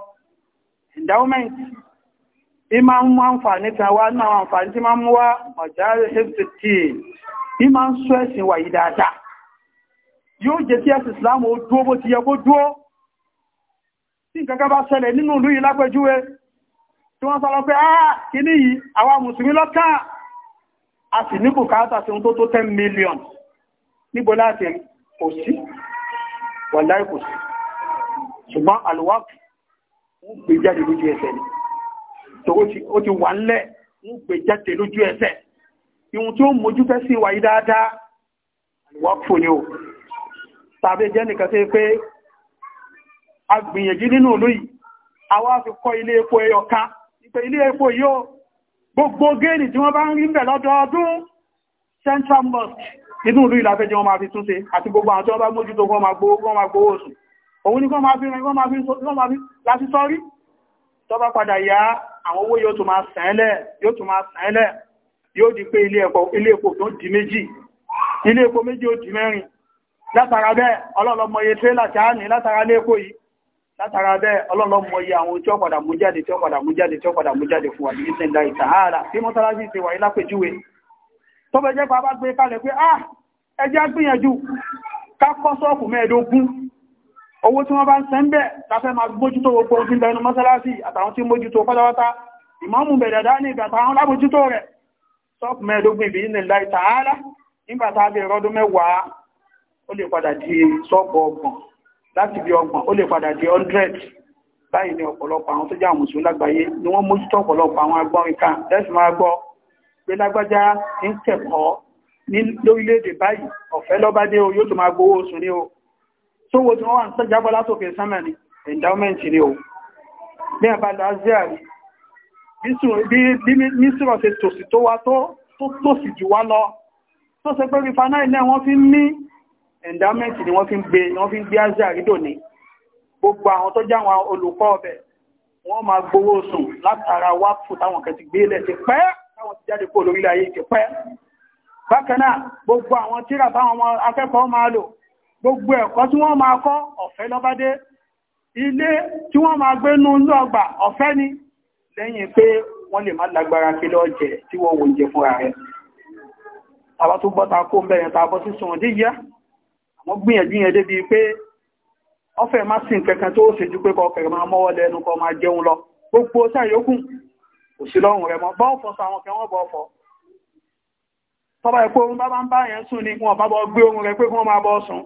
endowment ìmá ń mú àǹfààní tí wá náà àǹfààní tí máa ń mú wá ọ̀járe hft ìmá ń sọ ẹ̀sìn wà yìí dáadáa yóò jẹ́ tí ẹ̀sìn Islam ó dúó bó ti yẹ kó dúó tí nǹkan kan bá ṣẹlẹ̀ nínú ìlú yìí lápẹjúwe tí wọ́n sọ́lọ́ pé ah kìíní yìí àwa mùsùlùmí lọ́kàn a sì ní bùkátà sí ohun tó tó 10 million níbo láti rí kò sí wàláì kò sí ṣùgbọ́n alùwákù ń gbé jáde lójú ẹsẹ̀ ni tó ó ti wà ńlẹ̀ ń gbé jáde lójú ẹsẹ̀ ìhun tó ń mojú fẹ́ sí wáyé dáadáa alùwákù ni ó tàbí jẹ́ nìkan sí pé a gbìyànjú nínú ìlú yìí àwa fi kọ́ ilé epo ẹyọ ká ìpè ilé epo yóò gbogbo géènì tí wọ́n bá ń rí ń bẹ̀ lọ́dọọdún central mosque inú ìlú ìlàfẹ́jẹ́ wọn máa fi túnṣe àti gbogbo àwọn tí wọ́n bá mójútó wọn máa gbówó wọn máa gbówó oṣù òun ni wọ́n máa fi rìn wọ́n máa fi láti sọ́rí tó bá padà yá àwọn owó yóò tún máa sẹ́ẹ̀lẹ̀ yóò tún máa sẹ́ẹ̀lẹ̀ yóò di pé ilé epo tó di méjì ilé epo méjì ó di mẹ́rin látara bẹ́ẹ̀ ọlọ́lọ́mọye tírélà tí a ní látara ilé epo yìí látara bẹ́ẹ̀ ọlọ́lọ́mọye àwọn tí ó padà mú jáde tí ó padà mú jáde tí ó padà mú jáde fún wa ní ìsìnlẹ̀ ìtàhálà tí mọ́sálásí ti wà ní lápèjúwe tó bẹ jẹ́ pàbá gbé kalẹ̀ pé ah ẹjẹ́ gbìyànjú ká kọ́ sọ́ọ̀kù mẹ́ẹ̀dógún owó tí wọ́n bá ń sẹ́ńbẹ̀ láfẹ́ máa gbójútó gbogbo ogun lẹ́nu mọ́sálásí àtàwọn tí ń mójútó pátápátá ìmáàmù bẹ̀rẹ̀ dání ìgbàtà àwọn lábójútó rẹ̀ sọ́ọ̀kù mẹ́ẹ̀dógún ìbí ilẹ̀ láì tààlà nígbà tá a bẹ̀rẹ̀ rọ́dún mẹ́wàá ó lè padà di sọ́ọ̀kù ọgbọ̀n láti bí ọgbọ̀n ó lè padà di 100 báyìí ni ọ̀pọ̀lọpọ̀ àwọn tó jẹ́ àmùsùn lágbàáyé ni wọ́n mójútó ọ̀pọ̀lọpọ̀ àwọn agbọ́n ìka lẹ́sìn máa gbọ́ pé lágbájá ń kẹ́kọ̀ọ́ ní lórílẹ̀-èdè báyìí ọ̀fẹ́ lọ́bádé o yóò tó máa gbowó oṣù ní o tó wo tí wọ́n wà ń sẹ́jábọ́ látòkè sánmà ní endowment ní o bí a bá lọ azia rí bí sírọ̀ ṣe tòsí tó wá tó tòsí jù wá lọ tó ṣe pé refinery náà wọ́n fi ń ní endowment ni wọ́n fi ń gbé wọ́n fi ń gbé azia rí dòní gbogbo àwọn tó já àwọn olùkọ́ ọbẹ̀ wọ́n máa gbowó oṣù látara wáfù táwọn kẹ ti gbé lẹ̀ ti pẹ́ẹ́ táwọn ti jáde kó lórílẹ̀ ayé ti pẹ́ bákan náà gbogbo àwọn tíra báwọn akẹ́kọ̀ọ́ máa lò gbogbo ẹ̀kọ́ tí wọ́n máa kọ́ ọ̀fẹ́ lọ́bádé ilé tí wọ́n máa gbé nú ní ọgbà ọ̀fẹ́ ni lẹ́yìn pé wọ́n lè má lágbára kí lọ jẹ tí wọ́n wò jẹ fúnra rẹ̀ tàbá tó bọ́ta kó ń bẹ̀rẹ̀ tàbọ́ sí sùn dí yá àwọn gbìyànjú yẹn débi pé ọfẹ́ má sí nǹkankan tó ṣe ju pé kọkẹ̀rẹ̀ máa mọ́wọ́ lẹ́nu kọ kò sí lọ́rùn rẹ̀ mọ́ bọ́ọ̀ fọ́ sáwọn kẹ wọ́n bọ́ fọ́ tọ́bà ẹ̀kọ́ oorun bá bá ń bá yẹn sùn ní wọn bá bọ́ gbé oorun rẹ̀ pé kí wọ́n máa bọ́ sùn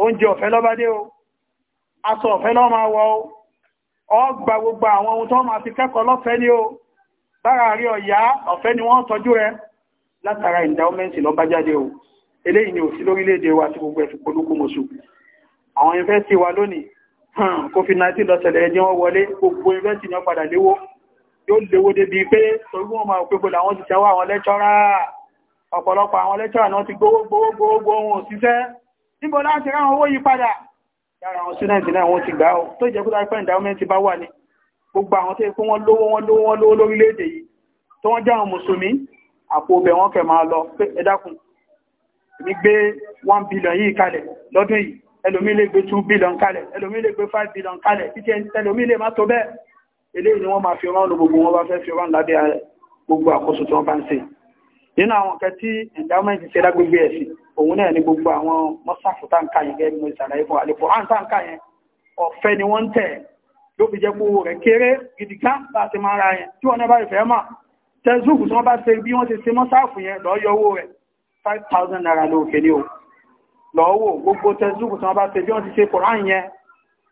oúnjẹ ọ̀fẹ́ lọ́bádé o aṣọ ọ̀fẹ́ lọ́ máa wọ o ọgbà gbogbo àwọn ohun tó máa fi kẹ́kọ̀ọ́ lọ́fẹ́ ní o bára 19 lọ́sẹ̀lẹ̀ ẹjẹ́ wọ́n wọlé gbogbo yunifásitì ní ó padà léwó yóò léwó débi pé torí wọ́n máa pé gbogbo àwọn òṣìṣẹ́ wà àwọn lẹ́tọ́rà ọ̀pọ̀lọpọ̀ àwọn lẹ́tọ́rà náà ti gbówó gbówó gbówó ohun òṣìṣẹ́ níbo láti ráwọn owó yí padà yára àwọn student náà wọ́n ti gbà ó tó jẹ́ kúta pẹ́ endowment bá wà ní gbogbo àwọn tó yẹ kó wọ́n lówó wọ́n lówó wọ́n lówó lórílẹ̀-èdè yìí tó wọ́n jẹ́ àwọn mùsùlùmí àpò ọbẹ̀ wọn kẹ̀ máa lọ pé ẹ dákun èmi gbé one billion yìí kalẹ̀ lọ́dún yìí ẹlòmí lè gbé two billion kalẹ̀ ẹlòmí lè gbé five billion kalẹ̀ títí ẹlòmí lè má tó bẹ́ẹ̀ eléyìí ni wọ́n máa fi rán gbogbo wọn bá fẹ́ fi rán lábẹ́ gbogbo àkóso tí wọ́n bá ń ṣe nínú àwọn nǹkan tí endowment ṣe lágbègbè ẹ̀sìn òun náà ni gbogbo àwọn mọ́sáfù táǹkà yẹn gẹ́gẹ́ mo ṣàlàyé fún àlepò à ń táǹkà yẹn ọ̀fẹ́ ni wọ́n ń tẹ̀ ló fi jẹ́ pé owó rẹ̀ kéré gidi kan bá ti máa ra yẹn tí wọ́n náà bá ìfẹ́ mà tẹ́sùkù tí wọ́n bá ṣe bí wọ́n ti ṣe mọ́sáfù yẹn lọ́ọ́ yọ owó rẹ̀ five thousand naira lóòkè ní o lọ́wọ́ gbogbo tẹ́sùkù tí wọ́n bá ṣe bí wọ́n ti ṣe kòrán yẹn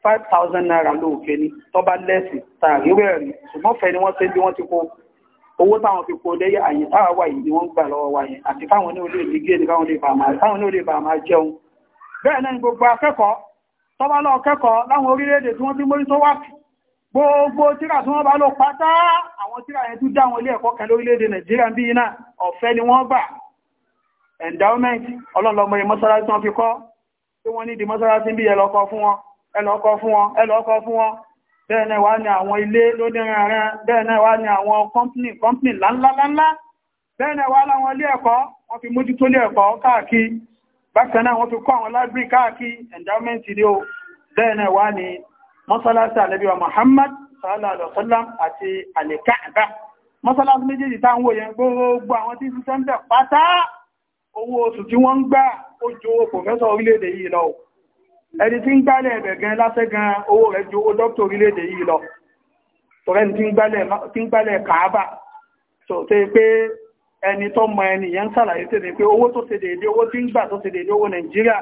five thousand naira lóòkè ni tọ́ba lẹ́sìn tààrí wẹ̀rí ṣùgbọ́n fẹ́ ni wọ́n ṣe bí wọ́n ti kó owó táwọn fi kó lẹ́yìn àyè táwa wà yìí ni wọ́n gbà lọ́wọ́ wa yẹn àti káwọn ní olè ní géèdì káwọn lè bàá máa jẹun bẹ́ẹ̀ náà ni gbogbo akẹ́kọ̀ọ́ tọ́ba lọ kẹ́kọ̀ọ́ láwọn orílẹ̀-èdè tí wọ́n ti mórí tó wà gbogbo tíra tí wọ́n bá lọ pátá àwọn tíra yẹn tún dá àwọn ilé ẹ̀kọ́ kan lórílẹ̀-èdè Nàìjíríà bí iná ọ̀fẹ́ ni wọ́n gbà endowment ọlọ́lọ́mọ mọ́sálásí wọn fi kọ́ tí wọ́n ní di mọ́sálásí bí ẹlọ́kọ́ fún wọn ẹlọ́kọ́ fún wọn ẹlọ́kọ́ fún wọn bẹ́ẹ̀ náà wá ní àwọn ilé lóníranran bẹ́ẹ̀ náà wá ní àwọn kọ́mpìnì kọ́mpìnì láńláńlá bẹ́ẹ̀ náà wá láwọn ilé ẹ̀kọ́ wọ́n fi mójútó ilé ẹ̀kọ́ káàkiri bákan náà wọ́n fi kọ́ àwọn library sallallahu alaihi wasallam àti àlẹ́kàbà mọ́sálásí méjèèjì tá ń wò yẹn gbogbo àwọn tí ń ṣiṣẹ́ ń bẹ̀ pátá owó oṣù ẹni tí ń gbálẹ̀ ẹ̀bẹ̀ gan lásẹ́ gan owó rẹ̀ ju owó dókítà orílẹ̀-èdè yìí lọ tọ́rẹ́ ni tí ń gbálẹ̀ kàábà tó tẹ́ pé ẹni tó mọ ẹni yẹn ń sàlàyé tẹ́ pé owó tó ṣe déédé owó tí ń gbà tó ṣe déédé owó Nàìjíríà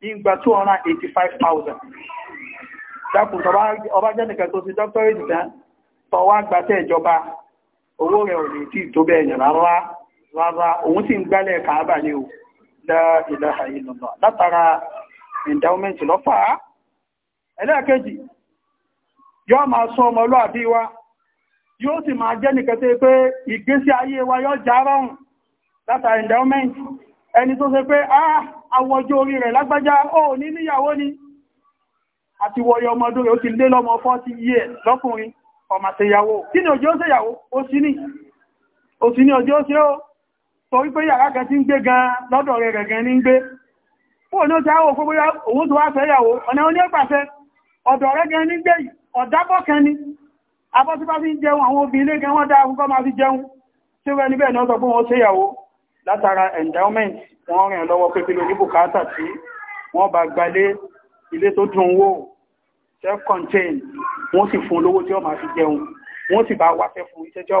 285,000 dákùn ọba tó ti ìjọba owó rẹ̀ ò lè tí tó bẹ́ẹ̀ yẹn rárá rárá òun sì ń gbálẹ̀ kàábà o ilaha látara endowment lọ́fàá ẹlẹ́ẹ̀kejì yóò máa sọ ọmọlúàbí wa yóò sì máa jẹ́ nìkẹtẹ́ pé ìgbésí ayé wa yóò já rọrùn látà endowment ẹni tó ṣe pé àwọn ọjọ́ orí rẹ̀ lágbájá ó ní níyàwó ni àti wọ̀yọ̀ ọmọdún rẹ̀ ó ti lé lọ́mọ 40 years lọ́kùnrin ọmọ àtẹyàwó kí ni ọjọ́ ṣe yàwó ó sí ní òsì ní ọjọ́ ṣe ó sọ wípé yàrá kan ti ń fóònù ó ti áwọ̀ fún bóyá òun tó wá fẹ́yàwó ọ̀nà ó ní ó pàṣẹ ọ̀dọ̀ rẹ̀ gan ní gbé ọ̀dábọ̀ kan ni abọ́sípá fi ń jẹun àwọn obìnrin gan wọ́n dá akúkọ́ máa fi jẹun tí ó rẹ̀ níbẹ̀ náà sọ fún wọn endowment wọ́n rìn lọ́wọ́ pé kílò ní bùkátà tí wọ́n bá gbalé ilé tó dùn self-contained wọ́n sì fún lówó tí ó máa fi jẹun wọ́n sì bá wáṣẹ́ fún iṣẹ́ tí ó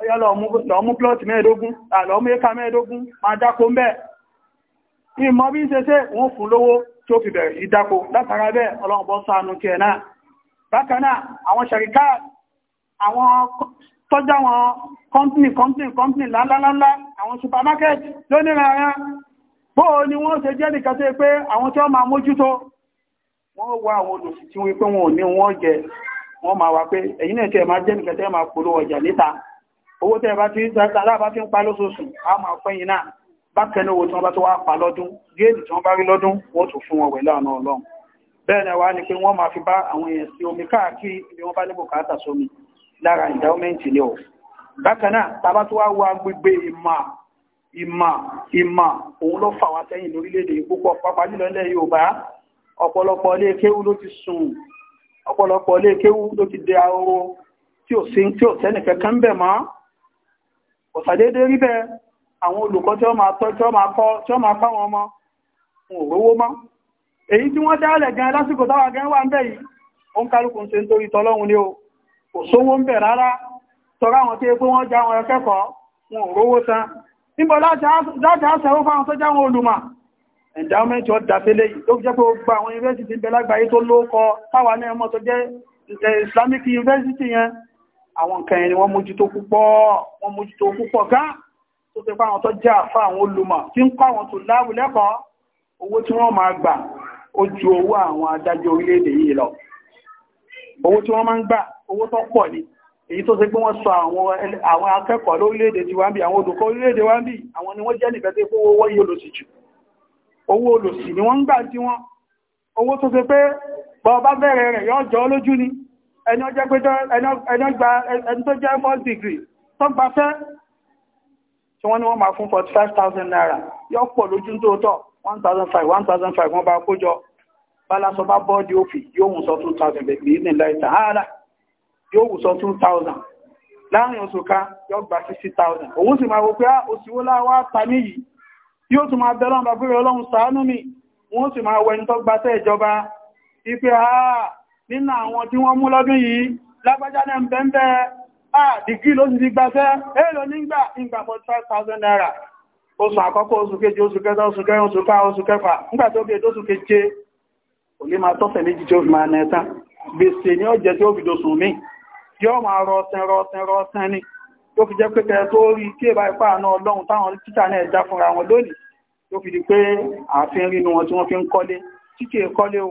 ọyá lọ́ọ̀mú plọ́ọ̀tì mẹ́ẹ̀dógún lọ́ọ̀mú éka mẹ́ẹ̀dógún máa dákó ń bẹ́ẹ̀ ìmọ̀ bí ń ṣe ṣe wọ́n fún lówó tí ó fi bẹ̀rẹ̀ sí dákó látara bẹ́ẹ̀ ọlọ́ọ̀bọ̀ ṣàánú ti ẹ̀ náà bákan náà àwọn ṣàríkà àwọn tọ́já wọn kọ́mpìnì kọ́mpìnì kọ́mpìnì lálálálá àwọn supermarket lónìrànrán bóò ni wọ́n ṣe jẹ́ nìkan tó pé àwọn tí wọ́n máa mójútó wọ́n wá àwọn olùsì tí wọ́n pé wọn ò ní wọ́n jẹ wọ́n máa wà pé ẹ̀yin náà tẹ́ máa jẹ́ nìkan tẹ́ máa polówó ọjà níta owó tẹ́ bá ti aláàbá ti ń pa lóṣooṣù a máa pẹ́yìn náà bákẹ́ni owó tí wọ́n bá tó wá pa lọ́dún géèdì tí wọ́n bá rí lọ́dún wọ́n tún fún wọn wẹ̀lẹ́ ọ̀nà ọlọ́run bẹ́ẹ̀ ni wá ni pé wọ́n máa fi bá àwọn èèyàn sí omi káàkiri ibi wọ́n bá ní bùkátà sómi lára ìdáwọ́mẹ́ǹtì ni ọ̀ bákan náà tàbá tó wá wo agbègbè ìmọ̀ ìmọ̀ ìmọ̀ òun ló fà wá sẹ́yìn lórílẹ̀-èdè púpọ̀ pápá jùlọ ilẹ̀ Yorùbá ọ̀pọ̀lọpọ̀ ilé kéwú ló ti sùn ọ̀pọ̀lọpọ̀ ilé kéwú ló ti dẹ ahoro tí ò sẹ́nìkẹ́kẹ́ ń bẹ̀ mọ́ ọ̀sàdédé rí bẹ́ẹ̀ àwọn olùkọ́ tí wọ́n máa tọ́ tí wọ́n máa kọ́ tí wọ́n máa kọ́ wọn mọ́ wọn ò rówó mọ́ èyí tí wọ́n dálẹ̀ gan lásìkò táwa gan wà ń bẹ̀ yìí ó ń kálukú ṣe ń torí tọlọ́run ni o kò sówó ń bẹ̀ rárá tọ́rọ àwọn tí epo wọ́n já wọn ẹkẹ́kọ̀ọ́ wọn ò rówó san níbo láti àṣẹwó já wọn olùmọ̀ endowment ọ̀ dàfẹ́lẹ̀ yìí ló fi jẹ́ pé ó gba àwọn university ń bẹ lágbàáyé tó lóókọ táwa àwọn nǹkan ẹni wọ́n mójútó púpọ̀ wọ́n mójútó púpọ̀ gán tó ti fáwọn tó jẹ́ àfá àwọn olùmọ̀ tí ń kọ́ àwọn tó láàrù lẹ́kọ̀ọ́ owó tí wọ́n máa gbà ó ju owó àwọn adájọ́ orílẹ̀-èdè yìí lọ owó tí wọ́n máa ń gbà owó tó pọ̀ ni èyí tó ṣe pé wọ́n sọ àwọn akẹ́kọ̀ọ́ lórílẹ̀-èdè ti wá bí àwọn olùkọ́ orílẹ̀-èdè wá bí àwọn ni wọ́n jẹ́ nìkan tó kó owó yìí olòṣì jù owó olòṣì ni wọ́n ń gbà tí wọ́n owó tó ṣe pé bó bá bẹ̀rẹ̀ rẹ̀ yọ́ jọ lójú ni ẹni tó jẹ́ first degree tó gba fẹ́ tí wọ́n ní wọ́n máa fún 45,000 naira yọ pọ̀ lójú tó tọ̀ 1,500 1,500 wọ́n bá kójọ balasọ bá bọ́ọ̀dì òfì yóò wùsọ 2,000 bẹ̀bẹ̀ ní láìta ààrà yóò wùsọ 2,000 láàrin oṣù ká yọ gba 60,000 òun sì máa wò pé òsìwó ah, láwá ta ní yìí yóò tún máa bẹ́lọ́n bá fúrẹ́ ọlọ́run ṣàánú mi wọ́n sì máa wẹni tó gba tẹ́ ìjọba ipe àà ah, nínú àwọn tí wọ́n mú lọ́dún yìí lágbájá náà bẹ́ẹ̀bẹ́ àdìgí ló sì ti gbaṣẹ́ èèlò nígbà ìgbà 45,000 naira oṣù àkọ́kọ́ oṣù keje oṣù kẹta oṣù kẹrin oṣù ká oṣù kẹfà nígbà tó gẹ̀ẹ́ oṣù keje òní máa tọ́fẹ̀ méjì tí ó fi máa nẹta gbèsè ní ọjẹ́ tí ó fi dosùn mí yóò máa rọ̀ọ̀sán rọ̀ọ̀sán rọ̀ọ̀sán ni tó fi jẹ́ pé kẹ tó wọn tí wọ́n fi ń kọ́lé títì kọ́lé o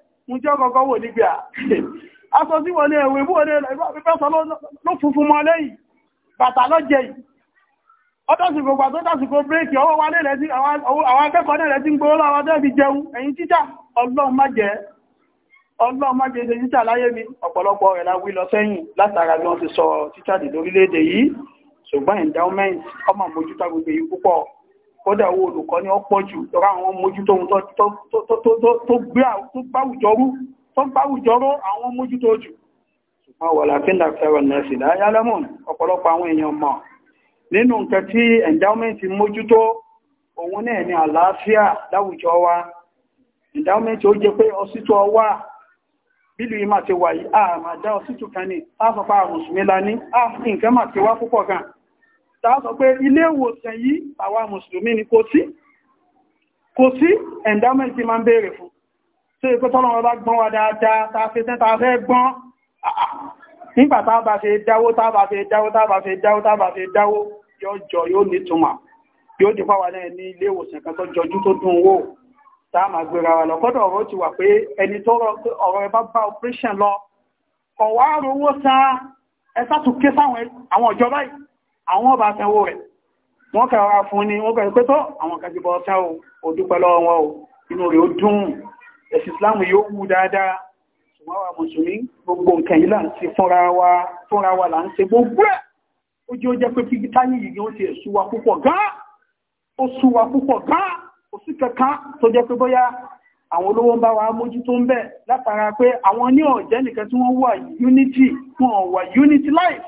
mú jẹ́ ọkọ̀ọ̀kọ́ wò nígbà aṣọ sí wọlé ẹ̀wẹ̀ bú wọlé ẹ̀fẹ́sọ ló funfun mọ́ lẹ́yìn bàtà lọ́jẹ̀ yìí ọdọ́sìnkò gbà tó dásìnkò bírèkì ọwọ́ wa lẹ́lẹ́ sí àwọn akẹ́kọ̀ọ́ lẹ́lẹ́ sí ń gbówó láwọn tẹ́ fi jẹun ẹ̀yin títà ọlọ́run má jẹ́ ọlọ́run má jẹ́ títà láyé mi ọ̀pọ̀lọpọ̀ rẹ̀ la wí lọ sẹ́yìn látara bí wọ́n ti sọ títà dì lórílẹ̀-èdè yìí ṣùgbọ́n endowment ọmọ mojútà gbogbo yìí púpọ̀ kódà owó olùkọ́ ni ó pọ̀ jù lọ́rọ̀ àwọn mójútó ohun tó gbáwùjọ́rú tó àwọn mójútó jù ṣùgbọ́n wà láfíńdà fẹ́rọ̀ nẹ́sì láyá lẹ́mùn ọ̀pọ̀lọpọ̀ àwọn èèyàn mọ̀ nínú nǹkan tí endowment mójútó òun náà ni àlàáfíà láwùjọ wa endowment ó jẹ́ pé ọsítọ́ wà bílù yìí máa ti wà yìí àmàdá ọsítù kan ní àfọ́fà mùsùlùmí lání àfíǹkan máa ti wá púpọ̀ kan tàà sọ pé ilé ìwòsàn yìí àwa mùsùlùmí ni kò sí kò sí endowment ti máa ń béèrè fún tó ikú tọ́lọ́wọ́ bá gbọ́n wa dáadáa tàà fi tẹ́ tàà fẹ́ gbọ́n nígbà tàà bá fẹ́ dáwó tàà bá fẹ́ dáwó tàà bá fẹ́ dáwó tàà bá fẹ́ dáwó yóò jọ yóò nítumọ̀ yóò dìpá wà náà ní ilé ìwòsàn kan tó jọjú tó dùn wò tàà máa gbéra wa wà pé ẹni tó ọ̀rọ̀ sáwọn àwọn ìjọba yìí àwọn ọba sanwó rẹ̀ wọ́n kẹwàá fún ní wọ́n kẹwàá pẹ́tọ́ àwọn kẹjìbọ̀ ọ̀sán o òdúpẹ́ wọn o inú rẹ̀ ó dùn ẹ̀sì islam yóò wú dáadáa ṣùgbọ́n wa mùsùlùmí gbogbo wa là ń ṣe gbogbo ẹ̀ ó jẹ́ ó jẹ́ pé kíkí táyì yìí wa púpọ̀ gan ó sú wa púpọ̀ àwọn olówó ń bá wa mójútó ń bẹ̀ látara pé àwọn ní ọ̀jẹ́ nìkan tí wọ́n wà unity wọn wà unity life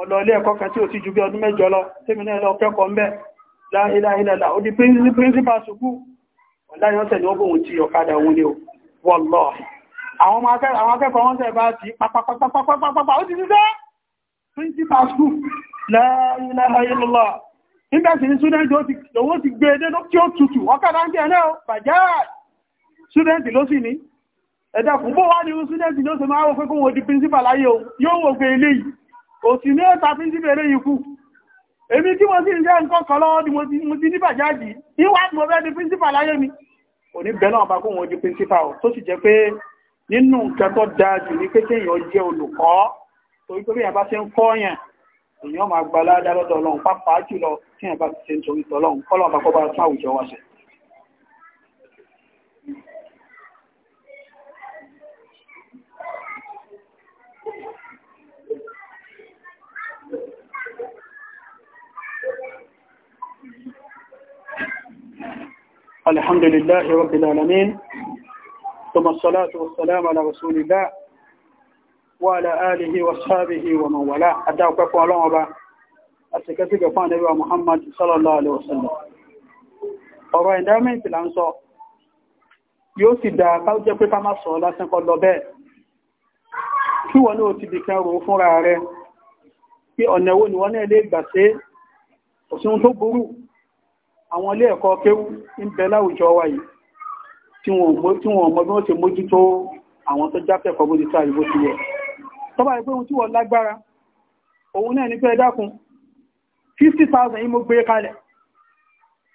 ọlọ́ọ̀lẹ́ ẹ̀kọ́ kan tí ó ti ju bí ọdún mẹ́jọ lọ tẹ́mi náà lọ kẹ́kọ̀ọ́ ń bẹ̀ láìláìlàlà ó di píríncípà sùkú ọ̀láyọ́sẹ̀ ni ó bóhun ti ọ̀kadà òun ni ó wọ́lọ́ àwọn akẹ́kọ̀ọ́ wọ́n tẹ̀ bá ti pàpàpàpàpàpàpà ó ti ṣiṣẹ́ píríncípà sùkú láìláìlàlà nígbà sí ni súdẹ́ntì lówó ti gbé edé tí ó tutù ọ̀kadà ń jẹ́ náà bàjá súdẹ́ntì ló sì ní ẹ̀dẹ̀kùn bó wá ní súdẹ́ntì ló sì máa wọ́n fẹ́ kó wọ́n di píríncípà láyé yóò wọ́n gbé ilé yìí kò sí ní ẹta fi ń síbẹ̀rẹ̀ ikú èmi tí mo sì ń jẹ́ nǹkan kan lọ́wọ́ ni mo ti ní bàjáàjì níwá mo fẹ́ di píńsípà láyé mi kò ní bẹ́ẹ̀ náà bá kó wọn di píńsípà ọ̀ tó sì jẹ́ pé nínú nǹkan tó dáa jù ní pé kéèyàn jẹ́ olùkọ́ torí pé èèyàn bá ṣe ń kọ́yàn èèyàn máa gbalá dá ọlọ́run pápá jùlọ tí èèyàn ti ṣe ń tọ́lọ́run kọ́lọ́run bá kọ́ bá tún àwùjọ wa ṣe الحمد لله رب العالمين ثم الصلاة والسلام على رسول الله وعلى آله وصحبه ومن والاه حتى وقف على أبا أتكتك فان أبي محمد صلى الله عليه وسلم ọ̀rọ̀ ìdámẹ́ ìpìlà ń sọ yóò sì dáa ká jẹ́ pé ká má sọ lásán kọ lọ bẹ́ẹ̀ kí wọ́n ní o ti dìkan rò fúnra rẹ̀ pé ọ̀nà wo ni wọ́n náà lè gbà sí òsìn tó burú àwọn ilé ẹ̀kọ́ kéwú ń bẹ láwùjọ wa yìí tí wọ́n mọ bí wọ́n ṣe mójútó àwọn tó jákẹ́kọ̀ọ́ bó ti tó àyíbó ti yẹ tó bá ìpé ohun tí wọ́n lágbára òun náà ní pé ẹdákun 50,000 yìí mo gbé kalẹ̀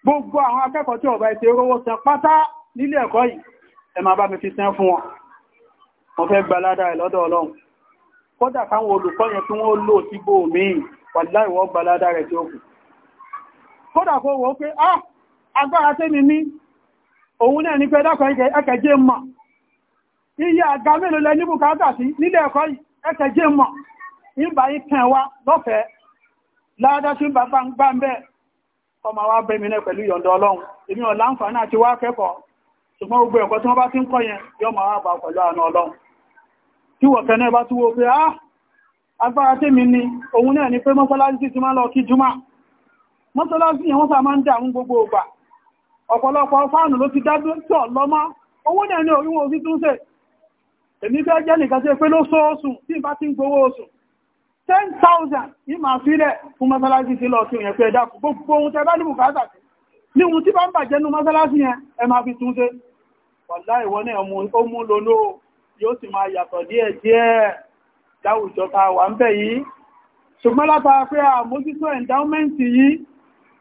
gbogbo àwọn akẹ́kọ̀ọ́ tí ọ̀bá ìṣe rówó san pátá nílé ẹ̀kọ́ yìí ẹ máa bá mi fi san fún wọn wọ́n fẹ́ gba ládàá ẹ̀ lọ́dọ̀ ọlọ́run kódà káwọn olùkọ́ yẹn tí wọ́n lò síbò míì wà láìwọ́ gba ládàá rẹ̀ tí ó kù kódà kó wọ́n pé ah agbára tẹ́mi ní òun náà ní pé dákọ̀ ẹkẹ̀jẹ́ mọ̀ iye àga mélòó lẹ ní bùkátà sí nílé ẹ̀kọ́ ẹkẹ̀jẹ́ mọ̀ nígbà yí kàn wá lọ́fẹ̀ẹ́ ládáṣú bá ń bẹ́ ọmọ wa bẹ́mi náà pẹ̀lú yọ̀ndọ̀ ọlọ́run èmi ò láǹfààní àti wá kẹ́kọ̀ọ́ ṣùgbọ́n gbogbo ẹ̀kọ́ tí wọ́n bá ah agbára tẹ́mi ni òun náà ni pé mọ́sálásí ti máa mọ́sálásí yẹn wọ́n sá máa ń dàrú gbogbo ògbà ọ̀pọ̀lọpọ̀ fáànù ló ti dájú tọ̀ lọ́mọ́ owó náà ní orí orí tún sẹ̀ èmi fẹ́ jẹ́ nìkan tí pé lóṣooṣù tí bá ti ń gbowó oṣù 10,000 ní máa fílẹ̀ fún mọ́sálásí sí lọ sí ìyẹn pé ẹ̀dá gbogbo ohun tẹ́ bá ní bùkátà sí ní ohun tí bá ń bàjẹ́ nú mọ́sálásí yẹn ẹ máa fi tún ṣe wàlá ìwọ náà ó mú lolo yóò sì máa yàtọ̀ díẹ̀ díẹ̀ láwùjọ ta wà ń bẹ̀ yìí ṣùgbọ́n látara pé àmójútó endowment yìí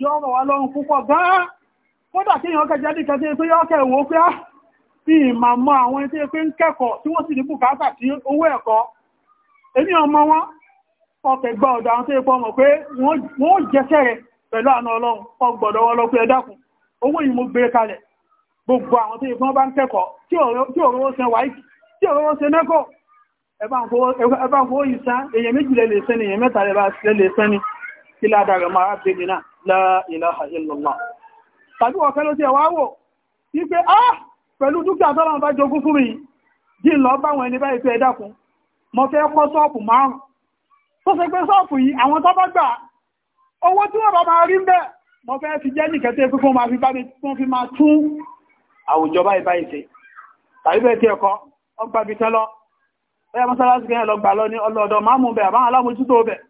yọ́ mọ̀ wá lọ́rùn púpọ̀ gan-an kí èèyàn kẹjẹ ní kẹjẹ tó yọ́ kẹwọ́ pé á ah, bí ìmà mọ́ àwọn ẹni pé ń kẹ́kọ̀ọ́ tí wọ́n sì ní bùkátà sí owó ẹ̀kọ́ èmi ọmọ wọn ọkẹ̀ gba ọ̀dọ̀ ẹbá e ń fowó yìí sán méjì lè lè sẹ́ni èèyàn mẹ́ta lè lè sẹ́ni kí ládàá máa bèèrè náà la ilaha illallah tàbí ọ̀fẹ́ ló ti ẹ̀wà ah pẹ̀lú dúkìá tọ́lá bá jogún fún mi jí lọ báwọn ẹni báyìí fẹ́ dákun mo fẹ́ kọ́ sọ́ọ̀pù márùn tó ṣe pé sọ́ọ̀pù yìí àwọn tó bá gbà owó tí wọ́n bá máa rí ń bẹ̀ mo fẹ́ fi jẹ́ nìkẹ́tẹ́ fífún ma fi bá mi tún fi máa tún àwùjọ báyìí báyìí ṣe tàbí bẹ́ẹ̀ tí ẹ̀kọ́ ọgbà bìtẹ́ lọ ẹ̀yà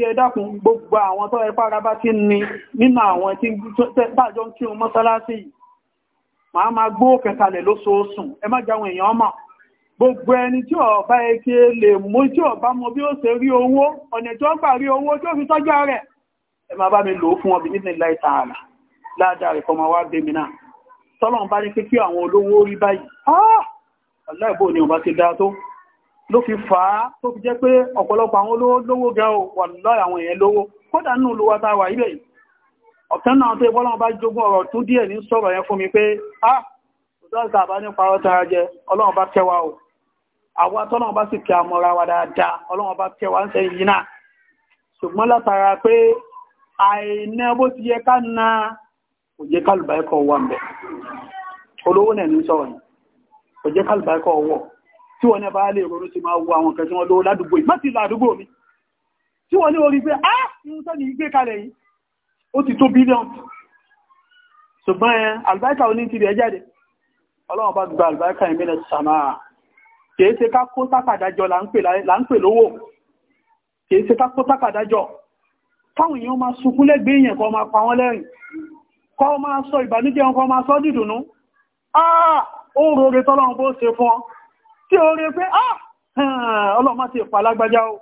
tí ẹ dákun gbogbo àwọn tó ẹ fara bá ní nínú àwọn tí bájọ́ ń kí mọ́sálásí máa ma gbó kẹtàlẹ̀ lóṣooṣùn ẹ má jáwọn èèyàn mọ̀ gbogbo ẹni tí ọba eke lè mú tí ọba mọ bí ó ṣe rí owó ọ̀nà tí ó gbà rí owó tí ó fi tọ́jú rẹ̀ ẹ máa bá mi lò ó fún ọbí nílẹ̀ láìtààlà ládàá rẹ̀ kọmọ wá gbémi náà tọ́lọ̀ bá ní pé kí àwọn olówó rí báyìí ah aláìbò ni ọba ti dá tó ló fi fà á tó fi jẹ́ pé ọ̀pọ̀lọpọ̀ àwọn olówó lówó gan wà lọ́rọ̀ àwọn èèyàn lówó kódà nínú olówó tá a wà ibẹ̀ yìí ọ̀kan náà tó ìbọ́lọ́wọ́ bá jogún ọ̀rọ̀ tún díẹ̀ ní sọ̀rọ̀ yẹn fún mi pé ah òtọ́ọ̀sà àbá nípa ọ̀tara jẹ ọlọ́run bá kẹwa o àwọn atọ́lọ́run bá sì kẹ àmọ́ra wa dáadáa ọlọ́run bá kẹwa ń sẹ́yìn yìí náà ṣùgbọ́n látara pé àìná bó ti yẹ ká na kò jẹ́ kálùbáẹ́kọ̀ wà ń bẹ̀ olówó náà ní sọ̀rọ̀ yìí kò jẹ́ kálùbáẹ́kọ̀ wọ̀ tí wọ́n náà bá lè ronú sí máa wo àwọn kẹsí wọn lówó ládùúgbò yìí mọ́sí ládùúgbò mi tí wọ́n ní orí pé á irun tó ní gbé kalẹ̀ yìí ó ti tó bílíọ̀n ṣùgbọ́n ẹ àlùbáríkà oní ti rẹ̀ jáde ọlọ́run bá gba àlùbáríkà ìmìnà sàmà kìí ṣe ká kó tákàdájọ là ń pè lówó kìí ṣe ká kó tákàdájọ káwọn èèyàn máa sunkún lẹ́gbẹ̀ẹ́ èèyàn kó máa pa wọ́n lẹ́rìn kó máa sọ ìbànújẹ́ wọn kó máa sọ dídùnú ah ó rọrẹ tọ́lọ́run bó ṣe fún kí o rí pé ah! ọlọ́mọ ti palágbájá o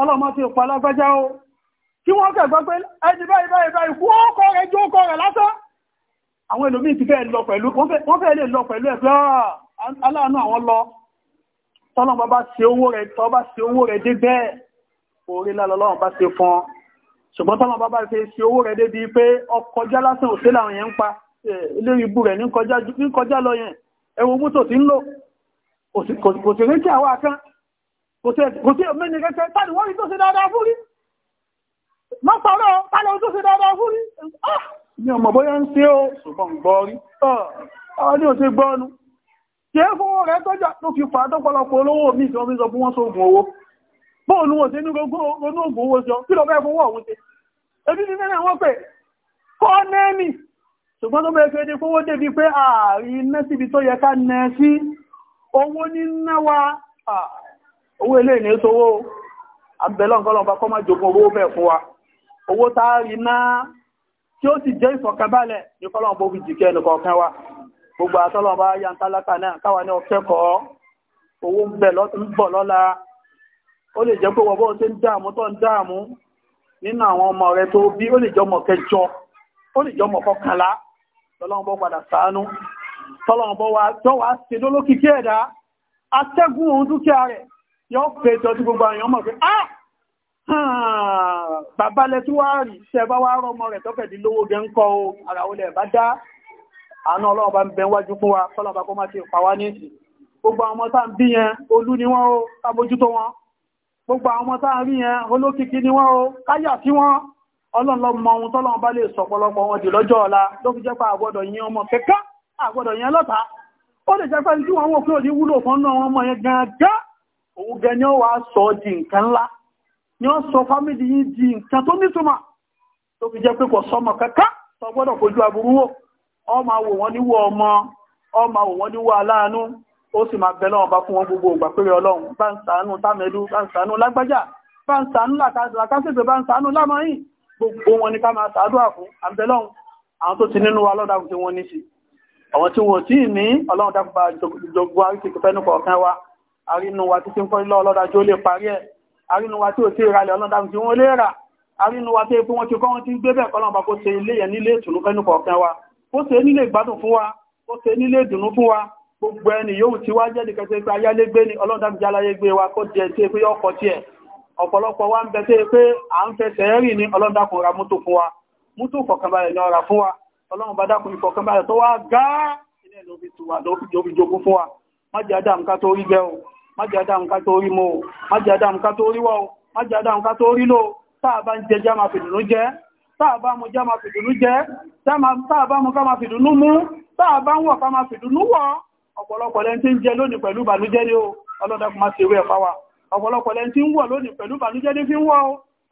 ọlọ́mọ ti palágbájá o kí wọ́n kẹ̀gbọ́ pé ẹni báyìí báyìí báyìí kú ọkọ̀ rẹ̀ jó ọkọ̀ rẹ̀ lásán àwọn ẹlòmíì ti fẹ́ lọ pẹ̀lú wọ́n fẹ́ lè lọ pẹ̀lú ẹ̀ ah! aláàánú àwọn lọ tọ́lọ́mọ bá ṣe owó rẹ̀ tọ́ bá ṣe owó rẹ̀ dé bẹ́ẹ̀ orí lálọ́lọ́wọ́n bá ṣe fún ọ ṣùgbọ́n tọ́lọ́mọ bá bá ṣe ṣe owó rẹ̀ débi pé ọkọjá lásán òṣèlú àwọn yẹn ń pa ilé ibú rẹ̀ ní kọjá lọ yẹn ẹwọ mọ́tò tí ń lò kò sí rí tí àwọn akán kò sí mẹ́ni kẹ́kẹ́ tàbí wọ́n rí tó ṣe dáadáa fún rí mọ́ pàrọ̀ tàbí tó ṣe dáadáa fún rí ní ah! ọmọ bóyá ń ṣe ó ṣùgbọ́n gbọ́ rí ah! àwọn ní òṣè gbọ́nu tí é fún rẹ̀ tọ́jà tó fi fà tọ́pọ̀lọpọ̀ olówó mi tí wọ́n fi sọ fún wọn sóògùn owó bóòlù wọn ṣe ní ogun owó jọ kí lọ fẹ́ fún wọn òun ṣe ebi ní mẹ́rin wọ́n pè kọ́ nẹ́ẹ̀mì ṣùgbọ́n tó bẹ́ẹ̀ fi ẹni fówó débi pé ààrí iná síbi tó yẹ ká nẹ́ẹ̀ sí owó ní náwà owó ilé ìní sówó abẹ́lọ́nkọ́lọ́mbà kọ́ máa jogun owó bẹ̀ fún wa owó táàrí náà tí ó sì jẹ́ ìfọ̀kànbalẹ̀ ní kọ́lọ́mbà òfin jìkẹ́ ẹnìkọ̀ọ̀kan wa gbogbo àtọ́lọ́mbà yantálákà náà káwa ní ọkẹ́kọ̀ọ́ owó ń bọ̀ lọ́la ó lè jẹ́ pé wọ́n bó ṣe ń dààmú tó ń dààmú nínú àwọn ọmọ rẹ tó bí ó lè jọmọ kẹjọ ó lè jọmọ kọkànlá lọ́lọ́mbà padà ṣàánú tọ́lọ̀mọ̀bọ̀ wa tọ́wà ṣe lólókìkí ẹ̀dá atẹ́gùn ohun dúkìá rẹ̀ yọ́ fẹ́ ah bàbá lẹ tí wá rí ṣẹ́ bá wá rọmọ rẹ̀ tọ́fẹ̀ dí lówó gẹ́ ń kọ́ o ara olẹ̀ bá dá àánú ọlọ́ọ̀bá ń bẹ wájú fún wa tọ́lọ̀bá kó má ti pa wá ní ìsìn gbogbo àwọn ọmọ tá ń bí yẹn olú ni wọ́n ni wọ́n o lè sọ̀pọ̀lọpọ̀ wọn dì lọ́jọ́ ọ̀la ló fi jẹ́ pa àgbọ́dọ̀ yín ọmọ kẹ́kẹ́ àgbọ̀dọ̀ yẹn lọ́ta ó lè jẹ́ pé tí wọ́n wò pé òní wúlò fún náà wọ́n mọ̀ yẹn gangan òun gan ni ó wá sọ di nǹkan ńlá ni ó sọ fámìlì yìí di nǹkan tó nítumọ̀ tó fi jẹ́ pé kò sọmọ kankan tó gbọ́dọ̀ kojú aburú wò ọ máa wò wọ́n níwọ̀ ọmọ ọ máa wò wọ́n níwọ̀ aláàánú ó sì máa bẹ̀ lọ́wọ́ fún wọn gbogbo ògbà péré ọlọ́run bá ń ṣàánú támẹ́lú àwọn tó ti nínú wa lọ́dà tí wọ́n ní sí àwọn tí wọ́n tí ní ọlọ́run dákùnbà jọgbọ́ àríkìkì nípa ọ̀kan wa arínú wa títí ń fọ́nilọ́ ọlọ́dájú ó lè parí ẹ̀ arínú wa tí ò tí ìralẹ̀ ọlọ́dájú tí wọ́n lè rà arínú wa tí wọ́n ti kọ́ wọ́n ti gbé bẹ̀ kọ́lọ́mbà kó ṣe ilé yẹn nílé ìtùnú fẹ́ nípa ọ̀kan wa ó ṣe nílé ìgbádùn fún wa ó ṣe nílé ìdùnnú fún wa ni ọlọ́dájú aláyégbé wa kó jẹ ọ̀pọ̀lọpọ̀ wa ń bẹ tí pé à ń fẹsẹ̀ rìn ní ọlọ́dákùnrin ra fún wa mútò fọ̀kànbalẹ̀ ni ọ̀rà fún wa ọlọ́run bá dákùn ìfọ̀kan báyẹ̀ tó wá gáà ilẹ̀ ló fi tùwà ló fi jogun fún wa má jẹ́ tó rí bẹ́ o má tó rí mo o má jẹ́ àdáhùn ká tó rí wọ́ o má jẹ́ àdáhùn ká tó rí lò táà bá ń jẹ já máa fìdùnú jẹ táà bá mu já máa fìdùnú jẹ táà bá mu ká máa fìdùnú mú táà bá ń wọ̀ ká máa fìdùnú wọ̀ ọ̀pọ̀lọpọ̀ lẹ́ni tí ń jẹ lónìí pẹ̀lú ìbànújẹ́ ni o ọlọ́dọ̀kùn máa ṣe ìwé ẹ̀fà wa ọ̀pọ̀lọpọ̀ lẹ́ni tí ń wọ̀ lónìí pẹ̀lú ìbànújẹ́ ni fi ń wọ̀